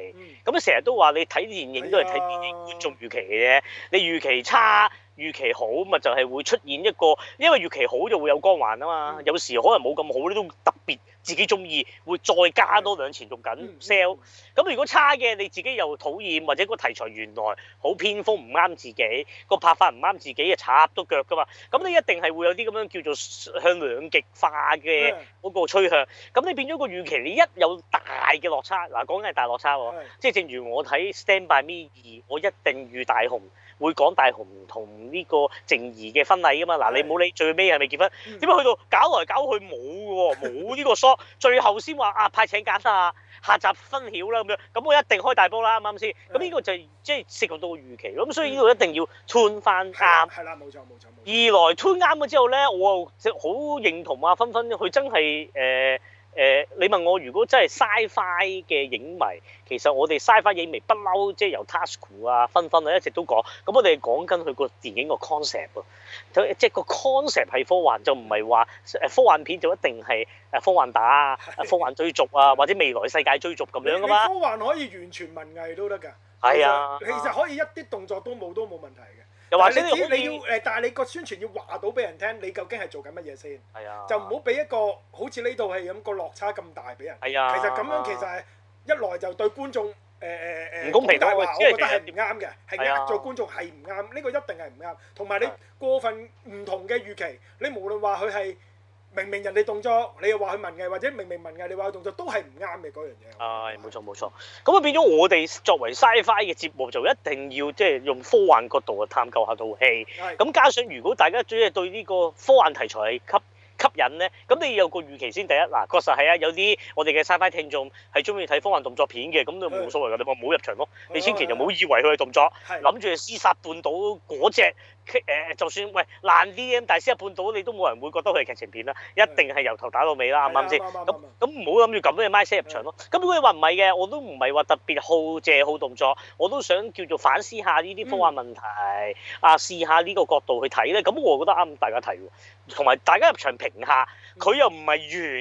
咁啊，成日都話你睇電影都係睇電影觀眾預期嘅啫，你預期差。預期好，咪就係、是、會出現一個，因為預期好就會有光環啊嘛。嗯、有時可能冇咁好咧，都特別自己鍾意，會再加多兩錢用緊、嗯嗯、sell。咁如果差嘅，你自己又討厭，或者個題材原來好偏鋒唔啱自己，個拍法唔啱自己啊，插都腳㗎嘛。咁你一定係會有啲咁樣叫做向兩極化嘅嗰個趨向。咁你變咗個預期，你一有大嘅落差，嗱講緊係大落差喎，即係、嗯、正如我睇 Stand By Me 二，我一定遇大紅。會講大雄同呢個靜怡嘅婚禮噶嘛？嗱的，你冇理最尾係咪結婚？點解、嗯、去到搞來搞去冇嘅喎？冇呢個 shot 最後先話啊派請柬啊，下集分曉啦咁樣。咁我一定開大波啦啱啱先？咁呢的個就即係涉及到預期咁，所以呢個一定要 tune 翻啱。係啦，冇錯冇錯。錯錯二來 tune 啱咗之後咧，我就好認同啊芬芬，佢真係誒。呃誒、呃，你問我如果真係 Sci-Fi 嘅影迷，其實我哋 Sci-Fi 影迷不嬲，即係由 Tasuku 啊、分分啊一直都講，咁、嗯、我哋係講緊佢個電影個 concept 即係個 concept 係科幻，就唔係話科幻片就一定係誒科幻打啊、的科幻追逐啊，的或者未來世界追逐咁樣㗎嘛。科幻可以完全文藝都得㗎，係啊的，其實可以一啲動作都冇都冇問題嘅。又或你，你要誒，但係你個宣傳要話到俾人聽，你究竟係做緊乜嘢先？係啊，就唔好俾一個好似呢度係咁個落差咁大俾人。係啊，其實咁樣其實係一來就對觀眾誒誒誒，唔、呃呃、公平。但係我覺得係唔啱嘅，係呃咗觀眾係唔啱。呢、啊、個一定係唔啱。同埋你過分唔同嘅預期，你無論話佢係。明明人哋動作，你又話佢文藝，或者明明文藝，你話佢動作都係唔啱嘅嗰樣嘢。係、哎，冇錯冇錯。咁啊變咗我哋作為 Sci-Fi 嘅節目，就一定要即係、就是、用科幻角度去探究下套戲。咁的加上如果大家主係對呢個科幻題材係吸吸引咧，咁你有個預期先。第一嗱，確實係啊，有啲我哋嘅 Sci-Fi 聽眾係中意睇科幻動作片嘅，咁的你冇所謂㗎，你咪唔好入場咯。你千祈就唔好以為佢嘅動作，諗住係屍殺半島嗰隻。誒，呃、就算喂爛 D.M.，但係《仙人半島》你都冇人會覺得佢係劇情片啦，一定係由頭打到尾啦，啱啱先？咁咁唔好諗住咁多嘢，買車入場咯。咁如果你話唔係嘅，我都唔係話特別好借好動作，我都想叫做反思下呢啲科幻問題，啊、嗯、試下呢個角度去睇咧。咁我覺得啱大家睇喎，同埋大家入場評下，佢又唔係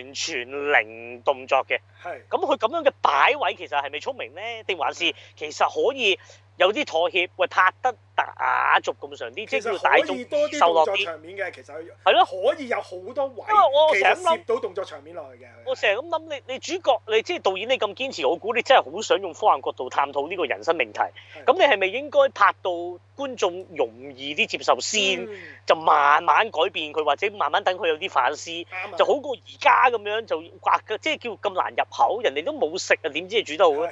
完全零動作嘅。係。咁佢咁樣嘅擺位其實係咪聰明咧？定還是其實可以有啲妥協？喂，拍得。打續咁上啲，即係可以多啲動作場面嘅，其實係咯，可以有好多位，我成日諗到動作場面落去嘅。我成日諗你你主角，你即係導演，你咁堅持，我估你真係好想用科幻角度探討呢個人生命題。咁你係咪應該拍到觀眾容易啲接受先，就慢慢改變佢，或者慢慢等佢有啲反思，就好過而家咁樣就刮，即係叫咁難入口，人哋都冇食啊，點知你煮得好咧？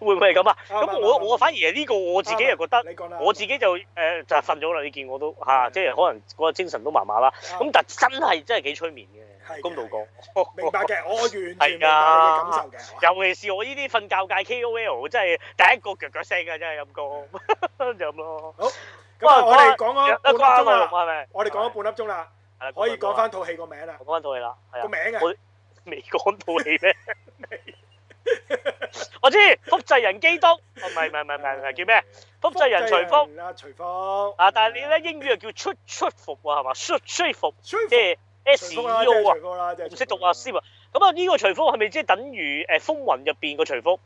會唔會係咁啊？咁我我反而係呢個我自己又覺得。我自己就誒就瞓咗啦，你見我都嚇，即係可能嗰個精神都麻麻啦。咁但真係真係幾催眠嘅，公道講。明白嘅，我完全明白你嘅感受嘅。尤其是我呢啲瞓覺界 K O L，真係第一個腳腳聲嘅，真係咁講就咁咯。好，咁啊，我哋講咗半粒鐘啦，係咪？我哋講咗半粒鐘啦，可以講翻套戲個名啦。講翻套戲啦，個名啊，未講套戲咩？ (laughs) (laughs) 我知複製人基督，唔係唔係唔係唔係叫咩？複製人徐福，徐福啊！但係你咧、嗯、英語又叫出出福啊，係嘛？出出伏福，啊，即係 SEO 啊！唔識讀啊，師傅。咁啊、呢、這個徐福係咪即係等於誒風、呃、雲入邊個徐福？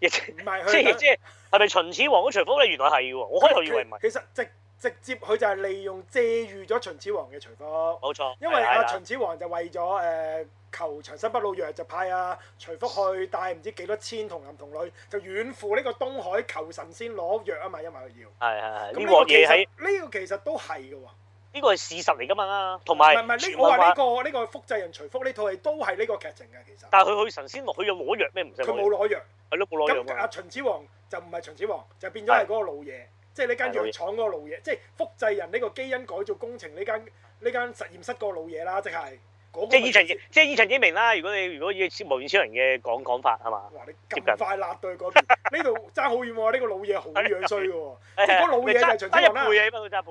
亦即係即係係咪秦始皇嗰徐福咧？原來係喎，我開頭以為唔係。其實，其實即直接佢就係利用借預咗秦始皇嘅徐福，冇錯，因為阿秦始皇就為咗誒求長生不老藥，就派阿徐福去帶唔知幾多千童男童女，就遠赴呢個東海求神仙攞藥啊嘛，因為佢要。係係係。咁呢個其實呢個其實都係嘅喎。呢個係事實嚟噶嘛？同埋唔係唔係，我話呢個呢個複製人徐福呢套戲都係呢個劇情嘅其實。但係佢去神仙落，佢有攞藥咩？唔使。佢冇攞藥。係咯，冇攞藥。咁阿秦始皇就唔係秦始皇，就變咗係嗰個老嘢。即係呢間藥廠嗰個老嘢，老嘢即係複製人呢個基因改造工程呢間呢間實驗室嗰個老嘢啦，即係即係以陳即以陳即以明啦。如果你如果以幪面超人嘅講講法係嘛？哇！你咁快立對嗰邊呢度爭好遠喎！呢、呢個老嘢好樣衰喎， (laughs) 即係嗰老嘢就長生 (laughs) 不老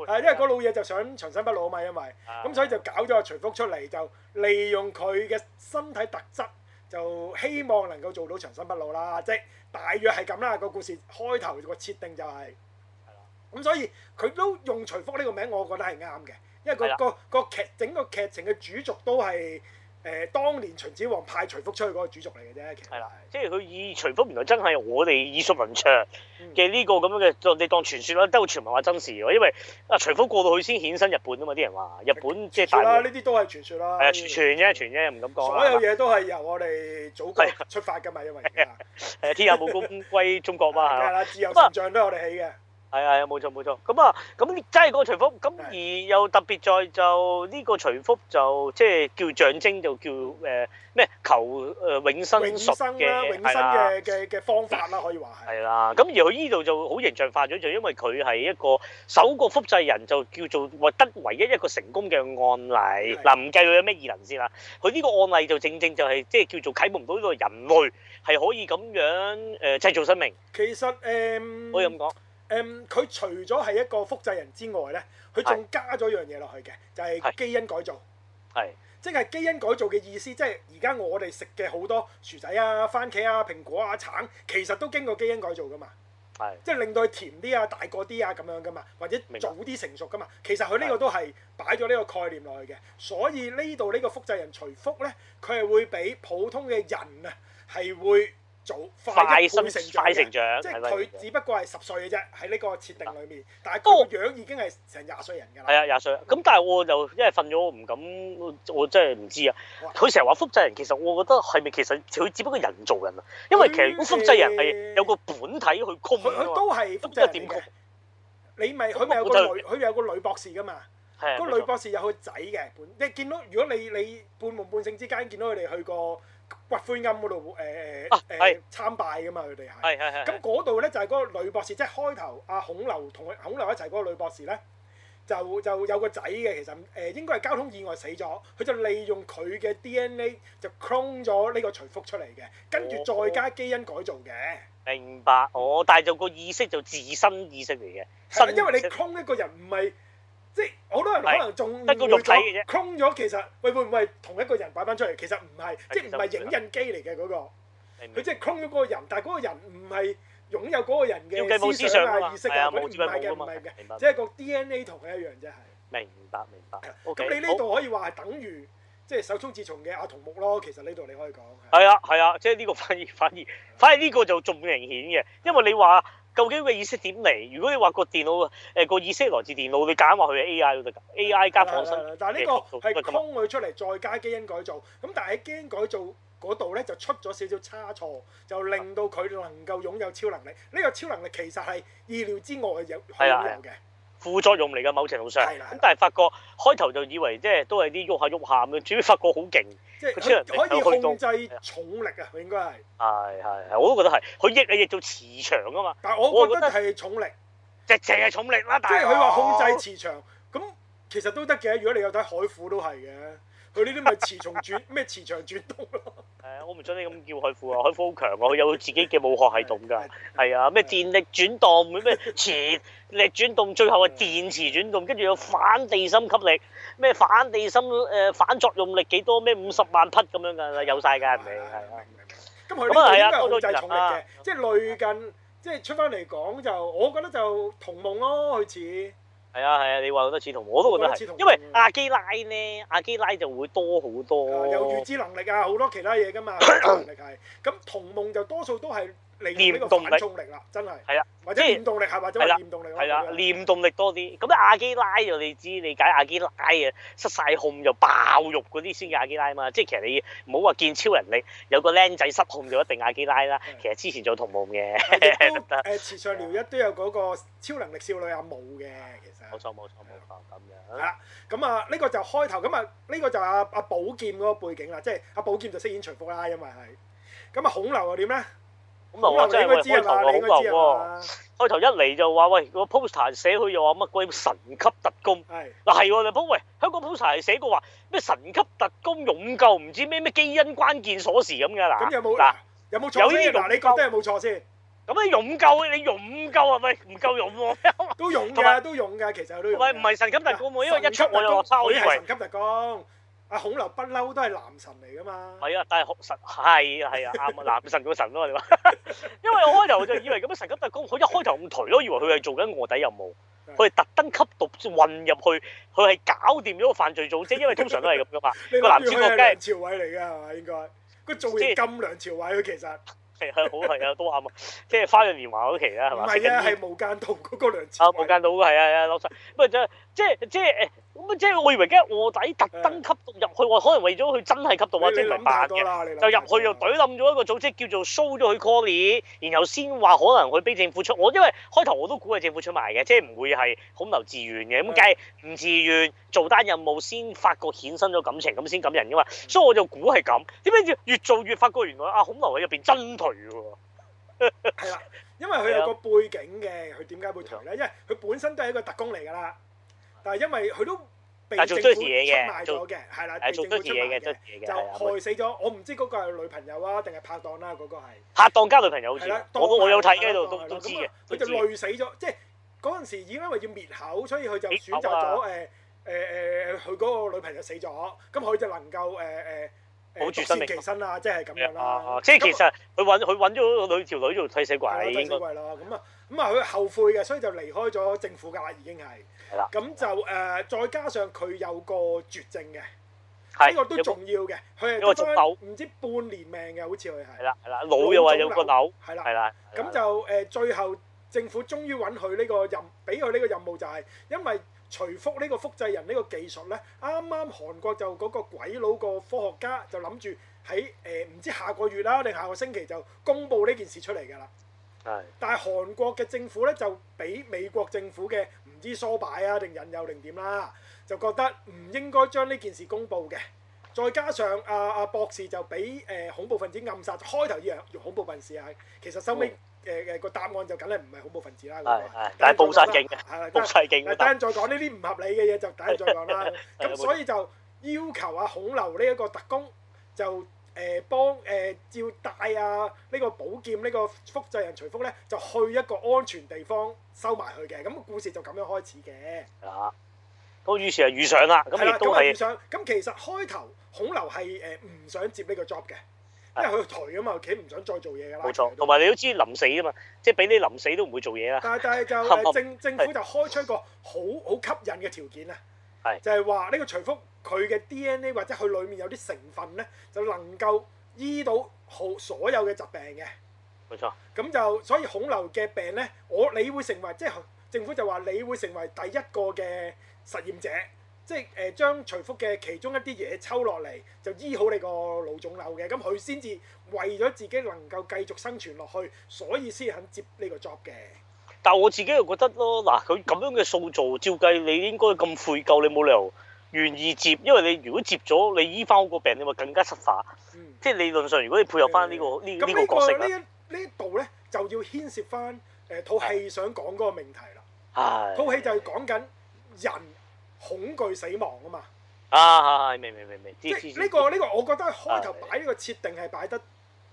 啦。因為嗰老嘢就想長生不老嘛，因為咁 (laughs) 所以就搞咗個徐福出嚟，就利用佢嘅身體特質，就希望能夠做到長生不老啦。即係大約係咁啦。個故事開頭個設定就係、係。咁所以佢都用徐福呢個名，我覺得係啱嘅，因為個個個劇整個劇情嘅主軸都係誒，當年秦始皇派徐福出去嗰個主軸嚟嘅啫。係啦，即係佢以徐福原來真係我哋耳熟能詳嘅呢個咁樣嘅，當你當傳説啦，都係傳聞話真事喎。因為啊，徐福過到去先衍生日本啊嘛，啲人話日本即係大。係啦，呢啲都係傳説啦。係啊，傳啫，傳啫，唔敢講。所有嘢都係由我哋祖國出發㗎嘛，因為誒天下武功歸中國嘛。係啦，自由神像都係我哋起嘅。係係啊，冇錯冇錯。咁啊，咁真係個徐福，咁而又特別在就呢個徐福就即係叫象徵，就叫誒咩求誒永生。永生啦，永生嘅嘅嘅方法啦，可以話係。係啦，咁而佢呢度就好形象化咗，就因為佢係一個首個複製人，就叫做獲得唯一一個成功嘅案例。嗱，唔計佢有咩異能先啦，佢呢個案例就正正就係即係叫做啟蒙到呢個人類係可以咁樣誒製造生命。其實誒可以咁講。佢、嗯、除咗係一個複製人之外呢，佢仲加咗樣嘢落去嘅，就係、是、基因改造。即係基因改造嘅意思，即係而家我哋食嘅好多薯仔啊、番茄啊、蘋果啊、橙，其實都經過基因改造噶嘛。是即係令到佢甜啲啊、大個啲啊咁樣噶嘛，或者早啲成熟噶嘛，白其實佢呢個都係擺咗呢個概念落去嘅。所以呢度呢個複製人徐福呢，佢係會比普通嘅人啊係會。早快成快成長，即係佢只不過係十歲嘅啫，喺呢個設定裏面。的但係個樣已經係成廿歲人㗎啦。係啊，廿歲。咁的但係我就因為瞓咗，我唔敢，我真係唔知啊。佢成日話複製人，其實我覺得係咪其實佢只不過人造人啊？因為其實複製人係有個本體去控佢。佢都係複製點控？你咪佢咪有個女，佢有個女博士㗎嘛？係的個女博士有佢仔嘅，即你見到，如果你你半夢半醒之間見到佢哋去過骨灰庵嗰度，誒，誒，啊，誒，參拜㗎嘛。佢哋係係係咁嗰度咧，就係、是、嗰個女博士即係、就是、開頭阿孔劉同孔劉一齊嗰個女博士咧，就就有個仔嘅，其實，誒、呃、應該係交通意外死咗，佢就利用佢嘅 DNA 就 clone 咗呢個徐福出嚟嘅，跟住再加基因改造嘅。我我明白哦，但係就個意識就自身意識嚟嘅，因為你 clone 一個人唔係。即係好多人可能仲錄咗 clone 咗其實喂會唔會同一個人擺翻出嚟？其實唔係，即係唔係影印機嚟嘅嗰個。佢即係 clone 咗個人，但係個人唔係擁有個人嘅思想意識嘅，人唔係嘅，意唔係嘅，嘅即係個 DNA 同佢一樣啫，係。明白明白。咁你呢度可以話係等於即係手塚治虫嘅阿童木咯。其實呢度你可以講。係啊係啊，即係呢個反而反而反而呢個就仲明顯嘅，因為你話。究竟個意識點嚟？如果你話個電腦誒個意識來自電腦，你夾硬話佢係 AI 都得㗎。AI 加仿生。嗱呢個係㓥佢出嚟，再加基因改造。咁但係喺基因改造嗰度咧，就出咗少少差錯，就令到佢能夠擁有超能力。呢、這個超能力其實係意料之外有係啊嘅。副作用嚟㗎，某程度上咁，但係發覺開頭就以為即係都係啲喐下喐下咁，主要發覺好勁，即係佢可以控制重力啊，應該係係係，我都覺得係，佢益你亦做磁場㗎嘛，但係我覺得係重力，就淨係重力啦、啊。但係佢話控制磁場，咁其實都得嘅。如果你有睇海虎都係嘅。佢呢啲咪磁重轉咩磁場轉動咯？係、哎，我唔準你咁叫海富啊！海富好強㗎、啊，佢有自己嘅武學系統㗎。係 (laughs) (laughs) (laughs) 啊，咩電力轉動、咩磁力轉動，最後係電磁轉動，跟住有反地心吸力，咩反地心誒、呃、反作用力幾多？咩五十萬匹咁樣㗎，有晒㗎係咪？係啊。咁佢呢啲點解控制重力嘅？啊、即係類近，即係出翻嚟講就，我覺得就同夢咯，好似。係啊係啊，你話覺得似童夢，我都覺得係。得因為阿基拉咧，阿基拉就會多好多。有預知能力啊，好多其他嘢㗎嘛，能力係。咁童夢就多數都係。念動力啦，真係，係啊，即係念動力係咪？即係念動力，係啦，念動力多啲。咁咧，阿基拉就你知你解阿基拉嘅失晒控就爆肉嗰啲先叫阿基拉嘛。即係其實你唔好話見超能力有個僆仔失控就一定阿基拉啦。其實之前做童夢嘅，誒，慈上聊一都有嗰個超能力少女阿霧嘅，其實。冇錯，冇錯，冇錯，咁樣。係啦，咁啊，呢個就開頭，咁啊，呢個就阿阿寶劍嗰個背景啦，即係阿寶劍就飾演徐福啦，因為係。咁啊，孔劉又點咧？咁啊，我真係開頭啊，好牛喎！開頭一嚟就話喂，個 poster 寫佢又話乜鬼神級特工？嗱係喎 p 香港 poster 係寫過話咩神級特工勇救唔知咩咩基因關鍵鎖匙咁嘅。嗱、咁、啊、有冇？嗱、啊、有冇錯先？嗱、啊、你講得有冇錯先？咁、嗯、你勇救，你勇救？啊？喂，唔夠勇喎！都勇埋都勇㗎，其實都。喂，唔係神級特工喎，因為一出我有抄嘢係神級特工。啊，孔劉口罩不嬲都係男神嚟噶嘛！係啊，但係神係係啊，啱啊，男神個神咯，你話。因為我開頭就以為咁樣神級特工，佢一開頭唔頹咯，以為佢係做緊臥底任務，佢係特登吸毒混入去，佢係搞掂咗個犯罪組織，因為通常都係咁樣啊。個男主角梗係梁朝偉嚟㗎，係嘛應該？個造型咁梁朝偉佢其實係係好係啊，都啱啊，即係花樣年華嗰期啊，係嘛、就是？唔係啊，係口罩無間道嗰個梁朝。啊，無間道，係、就、啊、是，啊攞曬，唔係就即即誒。咁即係我以為嘅卧底特登吸毒入去，我可能為咗佢真係吸毒啊，即係唔扮嘅，就入去就懟冧咗一個組織，叫做騷咗佢 c 過年，然後先話可能佢俾政府出，我因為開頭我都估係政府出賣嘅，即係唔會係孔劉自願嘅，咁梗係唔自願做單任務先發覺衍生咗感情，咁先感人噶嘛，所以我就估係咁。點解越越做越發覺原來啊，孔劉喺入邊真頹嘅喎，係啦， (laughs) 因為佢有個背景嘅，佢點解會頹咧？因為佢本身都係一個特工嚟噶啦。但係因為佢都被政府出賣咗嘅，係啦，被政府出賣嘅，就害死咗。我唔知嗰個係女朋友啊，定係拍檔啦。嗰個係拍檔加女朋友，我我有睇喺度，都知嘅。佢就累死咗，即係嗰陣時已經因為要滅口，所以佢就選擇咗誒誒誒，佢嗰個女朋友死咗，咁佢就能夠誒誒保住生命。獨善其身啊，即係咁樣啦。即係其實佢揾佢揾咗條女做替死鬼咯。咁啊咁啊，佢後悔嘅，所以就離開咗政府㗎喇，已經係。咁就誒、呃，再加上佢有個絕症嘅，呢是個都重要嘅。佢係得翻唔知半年命嘅，是好似佢係。係啦，係啦，腦又話有個瘤。係啦，係啦。咁就誒、呃，最後政府終於允許呢個任，俾佢呢個任務就係、是，因為徐福呢個複製人呢個技術咧，啱啱韓國就嗰個鬼佬個科學家就諗住喺誒唔知下個月啦，定下個星期就公佈呢件事出嚟㗎啦。係的。的但係韓國嘅政府咧，就俾美國政府嘅。知收買啊，定引誘定點啦，就覺得唔應該將呢件事公佈嘅。再加上阿阿博士就俾誒恐怖分子暗殺，開頭以為用恐怖分子啊，其實收尾誒誒個答案就梗係唔係恐怖分子啦。係係，但係報曬警嘅，報曬警。嗱，等陣再講呢啲唔合理嘅嘢，就等陣再講啦。咁所以就要求阿孔劉呢一個特工就。誒幫誒照帶啊！呢個保劍呢個複製人徐福咧，就去一個安全地方收埋佢嘅。咁故事就咁樣開始嘅。啊！咁於是就遇上啦。係啦，咁遇上咁其實開頭孔劉係誒唔想接呢個 job 嘅，因為佢台啊嘛，企唔想再做嘢㗎啦。冇錯。同埋你都知臨死啊嘛，即係俾你臨死都唔會做嘢啦。但係但係就政政府就開出一個好好吸引嘅條件啊！係就係話呢個徐福。佢嘅 D N A 或者佢裡面有啲成分咧，就能夠醫到好所有嘅疾病嘅。冇錯的，咁就所以孔劉嘅病咧，我你會成為即係政府就話你會成為第一個嘅實驗者，即係誒將徐福嘅其中一啲嘢抽落嚟就醫好你個腦腫瘤嘅。咁佢先至為咗自己能夠繼續生存落去，所以先肯接呢個 job 嘅。但係我自己又覺得咯，嗱佢咁樣嘅塑造，照計你應該咁悔疚，你冇理由。願意 (music) 接，因為你如果接咗，你醫翻好個病，你咪更加失化。嗯、即係理論上，如果你配合翻呢個呢呢的這個角色。呢個呢一呢度咧，就要牽涉翻誒套戲想講嗰個命題啦。係的。套戲就係講緊人恐懼死亡啊嘛。啊！明明明明。即呢個呢個，我覺得開頭擺呢個設定係擺得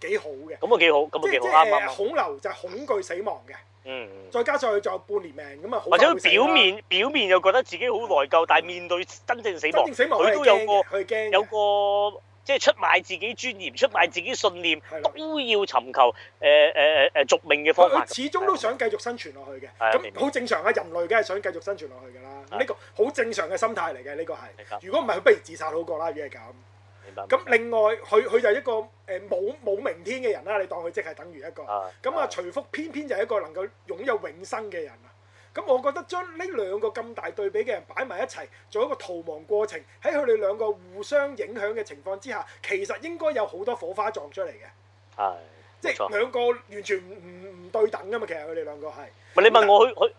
幾好嘅。咁啊幾好，咁、嗯、啊幾好啱啱。恐懼就係恐懼死亡嘅。嗯，再加上佢仲有半年命，咁啊，或者表面表面就覺得自己好內疚，但係面對真正死亡，佢都有個佢驚，有個即係出賣自己尊嚴、出賣自己信念，都要尋求誒誒誒誒續命嘅方法。佢始終都想繼續生存落去嘅，咁好正常啊！人類梗係想繼續生存落去㗎啦，呢個好正常嘅心態嚟嘅，呢個係。如果唔係，佢不如自殺好過啦。如果係咁。咁另外，佢佢就係一個誒冇冇明天嘅人啦，你當佢即係等於一個。咁啊，徐福偏偏就係一個能夠擁有永生嘅人。咁我覺得將呢兩個咁大對比嘅人擺埋一齊，做一個逃亡過程，喺佢哋兩個互相影響嘅情況之下，其實應該有好多火花撞出嚟嘅。係。冇錯。即係兩個完全唔唔唔對等㗎嘛，其實佢哋兩個係。唔係你問我佢佢。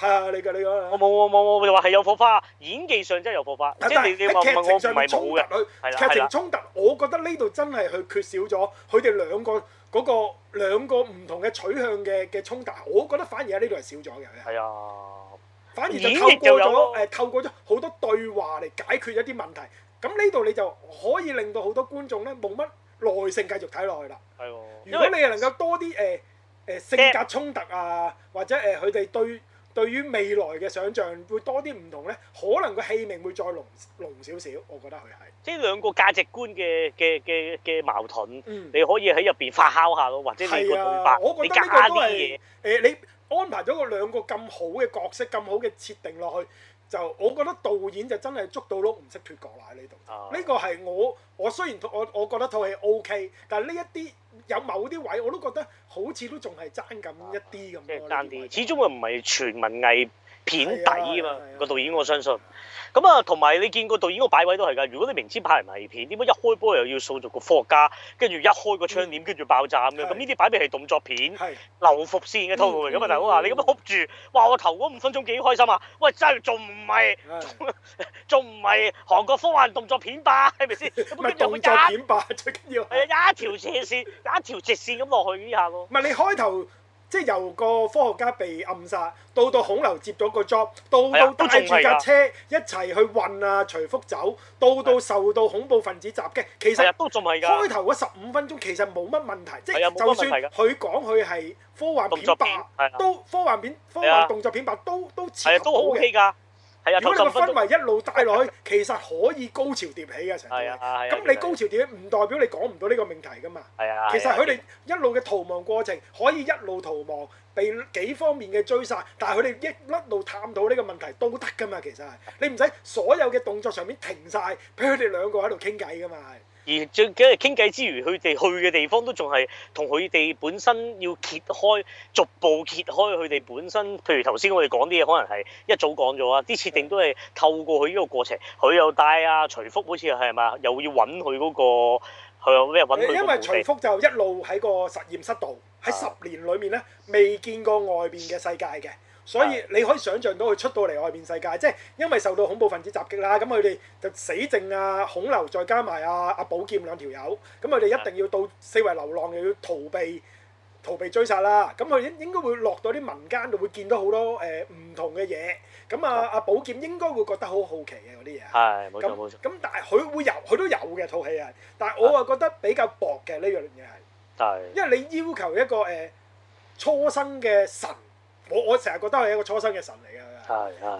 係啊，你嘅你嘅。我冇冇冇冇，就話係有火花，演技上真係有火花。但、啊、劇情上衝突佢，劇情衝突，的我覺得呢度真係佢缺少咗佢哋兩個嗰、那個兩個唔同嘅取向嘅嘅衝突，我覺得反而喺呢度係少咗嘅。係啊的，反而就透過咗誒、欸，透過咗好多對話嚟解決一啲問題。咁呢度你就可以令到好多觀眾咧冇乜耐性繼續睇落去啦。的如果你係能夠多啲誒誒性格衝突啊，或者誒佢哋對。對於未來嘅想像會多啲唔同呢？可能個戲味會再濃濃少少，我覺得佢係。即兩個價值觀嘅嘅嘅嘅矛盾，嗯、你可以喺入邊發酵下咯，或者你個對白，你加啲嘢。誒，你安排咗個兩個咁好嘅角色，咁好嘅設定落去，就我覺得導演就真係捉到咯，唔識脫角啦喺呢度。呢個係我我雖然我我覺得套戲 OK，但係呢一啲。有某啲位我都覺得好似都仲係爭緊一啲咁咯，但係始終又唔係全文藝。片底啊嘛，個導演我相信。咁啊，同埋你見個導演個擺位都係㗎。如果你明知拍唔係片，點解一開波又要塑造個科學家，跟住一開個窗簾跟住爆炸咁樣？咁呢啲擺明係動作片，流伏線嘅套路。咁啊大佬話，你咁樣哭住，哇！我頭嗰五分鐘幾開心啊！喂，真係仲唔係仲唔係韓國科幻動作片吧？係咪先？唔係動作片吧，最緊要係啊一條斜線，一條直線咁落去呢下咯。唔係你開頭。即係由個科學家被暗殺，到到孔劉接咗個 job，到到帶住架車一齊去運啊徐福走，到到受到恐怖分子襲擊。其實都仲係噶。開頭嗰十五分鐘其實冇乜問題，即係就算佢講佢係科幻片白，都科幻片、科幻動作片白都都似。都 OK。如果你個氛圍一路帶落去， (laughs) 其實可以高潮疊起嘅成套戲，咁你高潮疊起唔、啊、代表你講唔到呢個命題噶嘛？啊、其實佢哋一路嘅逃亡過程、啊、可以一路逃亡，被幾方面嘅追殺，但係佢哋一一路探討呢個問題都得噶嘛。其實係你唔使所有嘅動作上面停曬，俾佢哋兩個喺度傾偈噶嘛。而最緊係傾偈之餘，佢哋去嘅地方都仲係同佢哋本身要揭開，逐步揭開佢哋本身。譬如頭先我哋講啲嘢，可能係一早講咗啊，啲設定都係透過佢呢個過程。佢又帶啊。徐福好，好似係咪又要揾佢嗰個，佢有咩揾佢？因為徐福就一路喺個實驗室度，喺十年裏面咧未見過外邊嘅世界嘅。所以你可以想像到佢出到嚟外邊世界，即係因為受到恐怖分子襲擊啦，咁佢哋就死剩啊恐流，再加埋啊阿寶劍兩條友，咁佢哋一定要到四圍流浪，又要逃避逃避追殺啦。咁佢應應該會落到啲民間就會見到好多誒唔同嘅嘢。咁啊阿寶劍應該會覺得好好奇嘅嗰啲嘢。係冇錯咁那錯但係佢會有佢都有嘅套戲啊，但係我啊覺得比較薄嘅呢樣嘢係。對因為你要求一個誒初生嘅神。我我成日覺得佢係一個初生嘅神嚟嘅。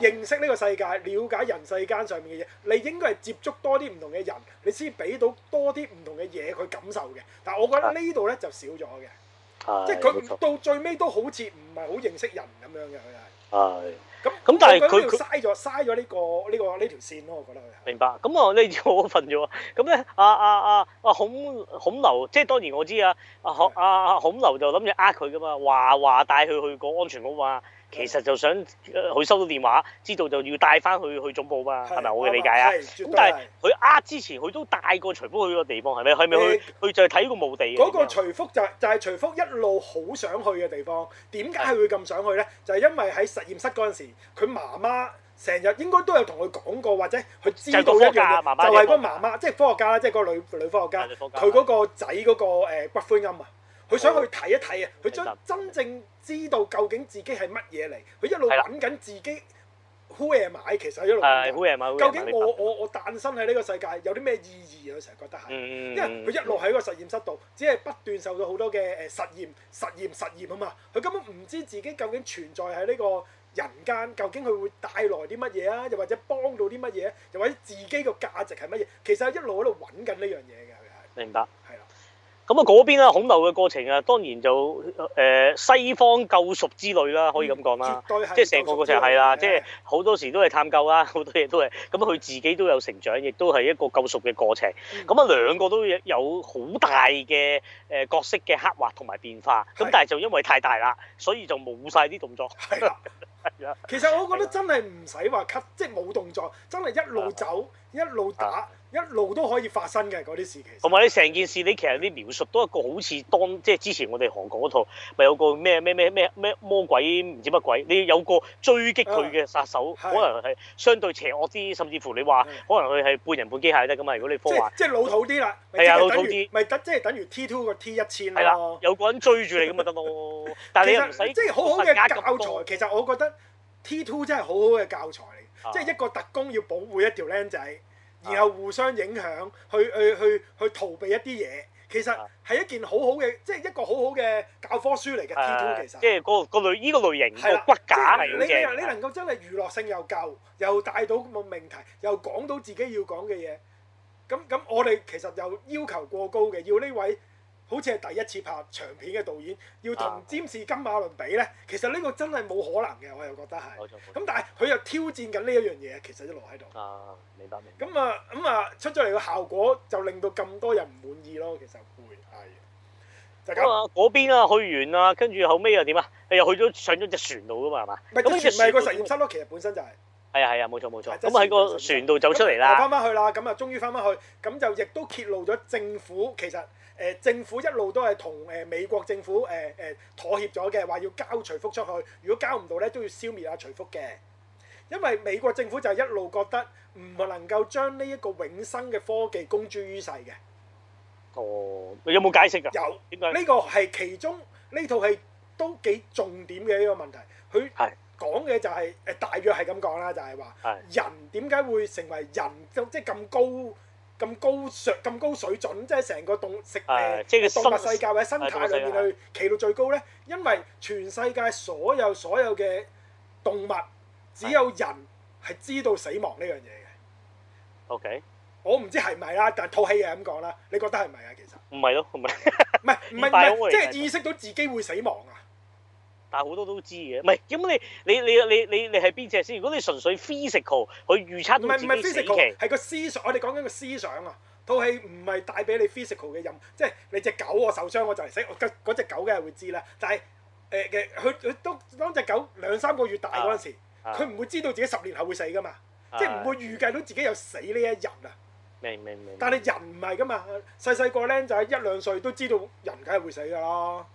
的認識呢個世界，的了解人世間上面嘅嘢，你應該係接觸多啲唔同嘅人，你先俾到多啲唔同嘅嘢佢感受嘅。但係我覺得呢度呢就少咗嘅，的即係佢到最尾都好似唔係好認識人咁樣嘅佢係。的咁咁，那但係佢嘥咗嘥咗呢個呢個呢條線咯，我覺得係。明白，咁的啊呢好份咗喎，咁咧阿阿阿阿孔孔劉，即係當然我知啊，阿阿阿孔劉就諗住呃佢㗎嘛，話話帶佢去個安全屋啊。其實就想佢收到電話，知道就要帶翻去去總部嘛，係咪我嘅理解啊？咁但係佢啊之前佢都帶過徐福去個地方，係咪？係咪去去就係睇個墓地？嗰個徐福就就係徐福一路好想去嘅地方。點解係會咁想去呢？就係、是、因為喺實驗室嗰陣時，佢媽媽成日應該都有同佢講過，或者佢知道一樣嘅，媽媽就係嗰個媽媽，即係科學家啦，即係嗰個女女科學家，佢嗰個仔嗰個骨灰龕啊。佢想去睇一睇啊！佢想真正知道究竟自己係乜嘢嚟，佢一路揾緊自己係 Who am I？其實係一路揾緊。係究竟我 Who am I？我我，我誕生喺呢個世界有啲咩意義啊？佢成日覺得係，嗯、因為佢一路喺個實驗室度，只係不斷受到好多嘅誒實驗、實驗、實驗啊嘛。佢根本唔知自己究竟存在喺呢個人間，究竟佢會帶來啲乜嘢啊？又或者幫到啲乜嘢？又或者自己個價值係乜嘢？其實一路喺度揾緊呢樣嘢嘅。明白。咁啊，嗰邊啦，恐龍嘅過程啊，當然就誒西方救贖之類啦，可以咁講啦，即係成個過程係啦，即係好多時都係探究啦，好多嘢都係，咁佢自己都有成長，亦都係一個救贖嘅過程。咁啊、嗯，兩個都有好大嘅誒、mm. 嗯、角色嘅刻畫同埋變化。咁、啊、但係就因為太大啦，所以就冇晒啲動作。係啦、啊，係啦、啊。其實我覺得、啊、真係唔使話 cut，即係冇動作，真係一路走一路打。一路都可以發生嘅嗰啲事情，同埋你成件事，你其實啲描述都一個好似當即係之前我哋韓國嗰套咪有個咩咩咩咩咩魔鬼唔知乜鬼，你有個追擊佢嘅殺手，啊、可能係相對邪惡啲，甚至乎你話是可能佢係半人半機械得噶嘛？如果你科幻即係老土啲啦，係啊，老土啲咪即係等於 T two 個 T 一千咯。係啦，有個人追住你咁咪得咯。 (laughs) 但係你又唔使即係好好嘅教材，其實我覺得 T two 真係好好嘅教材嚟，即係、啊、一個特工要保護一條僆仔，然後互相影響，去去去去逃避一啲嘢，其實係一件好好嘅，即係一個好好嘅教科書嚟嘅。T t 的其實即係嗰個個類呢個類型的個骨架嚟嘅。你你能夠真係娛樂性又夠，又帶到個命題，又講到自己要講嘅嘢。咁咁我哋其實又要求過高嘅，要呢位。好似係第一次拍長片嘅導演，要同詹士金馬倫比咧，其實呢個真係冇可能嘅，我又覺得係。咁但係佢又挑戰緊呢一樣嘢，其實一路喺度。啊，明白明白。咁啊，咁啊，出咗嚟個效果就令到咁多人唔滿意咯，其實會係、哎。就咁、是、啊，嗰邊啊，去完啊，跟住後尾又點啊？又去咗上咗隻船度噶嘛，係嘛？其實係個實驗室咯，其實本身就係、是。係啊係啊，冇錯冇錯。咁喺是錯個船度走出嚟啦。翻翻去啦，咁啊，終於翻翻去，咁就亦都揭露咗政府其實。呃、政府一路都係同誒美國政府誒誒、呃呃、妥協咗嘅，話要交徐福出去，如果交唔到呢，都要消滅啊徐福嘅。因為美國政府就一路覺得唔能夠將呢一個永生嘅科技公諸於世嘅。哦、呃，有冇解釋㗎？有由，呢該個係其中呢套、這個、戲都幾重點嘅一、這個問題。佢講嘅就係、是、誒，的大約係咁講啦，就係、是、話的人點解會成為人即咁高？咁高水，咁高水準，即係成個動食誒、呃、動物世界或者生態裡面去期到最高咧，因為全世界所有所有嘅動物只有人係知道死亡呢樣嘢嘅。OK。我唔知係咪啦，但套戲係咁講啦，你覺得係咪啊？其實。唔係咯，唔係。唔係唔係唔係唔係，即係意識到自己會死亡啊！但係好多都知嘅，唔係咁你你你你你你係邊隻先？如果你純粹 physical，去預測唔係唔係 physical，係個思想。我哋講緊個思想啊，套戲唔係帶俾你 physical 嘅任，即係你隻狗，我受傷我就嚟死，我嗰隻狗梗係會知啦。但係誒嘅佢佢都當隻狗兩三個月大嗰陣時，佢唔、啊啊、會知道自己十年後會死噶嘛，啊、即係唔會預計到自己有死呢一日啊。明明明。啊、但係人唔係噶嘛。細細個僆仔一兩歲都知道人梗係會死噶咯，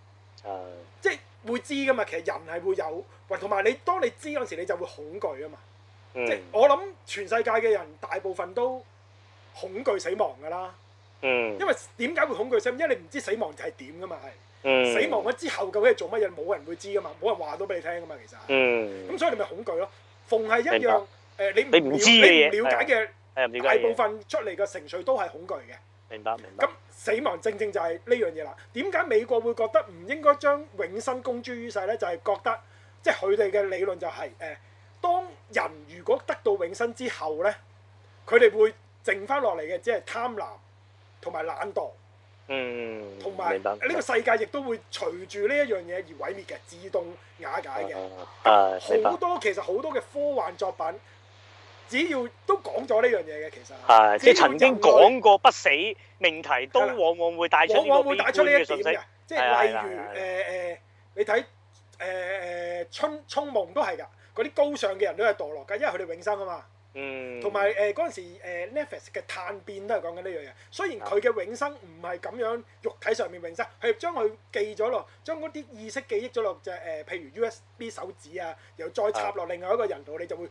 即係。會知噶嘛？其實人係會有，同埋你當你知嗰陣時，你就會恐懼啊嘛。即、嗯、我諗全世界嘅人大部分都恐懼死亡噶啦。嗯、因為點解會恐懼死亡？因為你唔知死亡就係點噶嘛，係、嗯、死亡咗之後究竟係做乜嘢？冇人會知噶嘛，冇人話到俾你聽噶嘛，其實。咁、嗯、所以你咪恐懼咯。逢係一樣誒明白、呃，你唔了，你唔知嘅嘢，你唔了解嘅大部分出嚟嘅情緒都係恐懼嘅。明白，明白。明白。死亡正正就係呢樣嘢啦。點解美國會覺得唔應該將永生公諸於世呢？就係、是、覺得即係佢哋嘅理論就係、是、誒、呃，當人如果得到永生之後呢，佢哋會剩翻落嚟嘅只係貪婪同埋懶惰。嗯，同埋呢個世界亦都會隨住呢一樣嘢而毀滅嘅，自動瓦解嘅。啊，好、嗯、多、嗯、其實好多嘅科幻作品。只要都講咗呢樣嘢嘅，其實係即係曾經講過不死命題， (music) 都往往會帶出呢個 B 嘅往往會帶出呢一啲信息，即係例如誒誒，你睇誒誒春春夢都係㗎，嗰啲高尚嘅人都係墮落㗎，因為佢哋永生啊嘛。嗯。同埋誒嗰陣時 n e f e s 嘅碳變都係講緊呢樣嘢，雖然佢嘅永生唔係咁樣了了肉體上面永生，係將佢記咗落，將嗰啲意識記憶咗落隻誒，譬如 USB 手指啊，然後再插落另外一個人度，你就會。嗯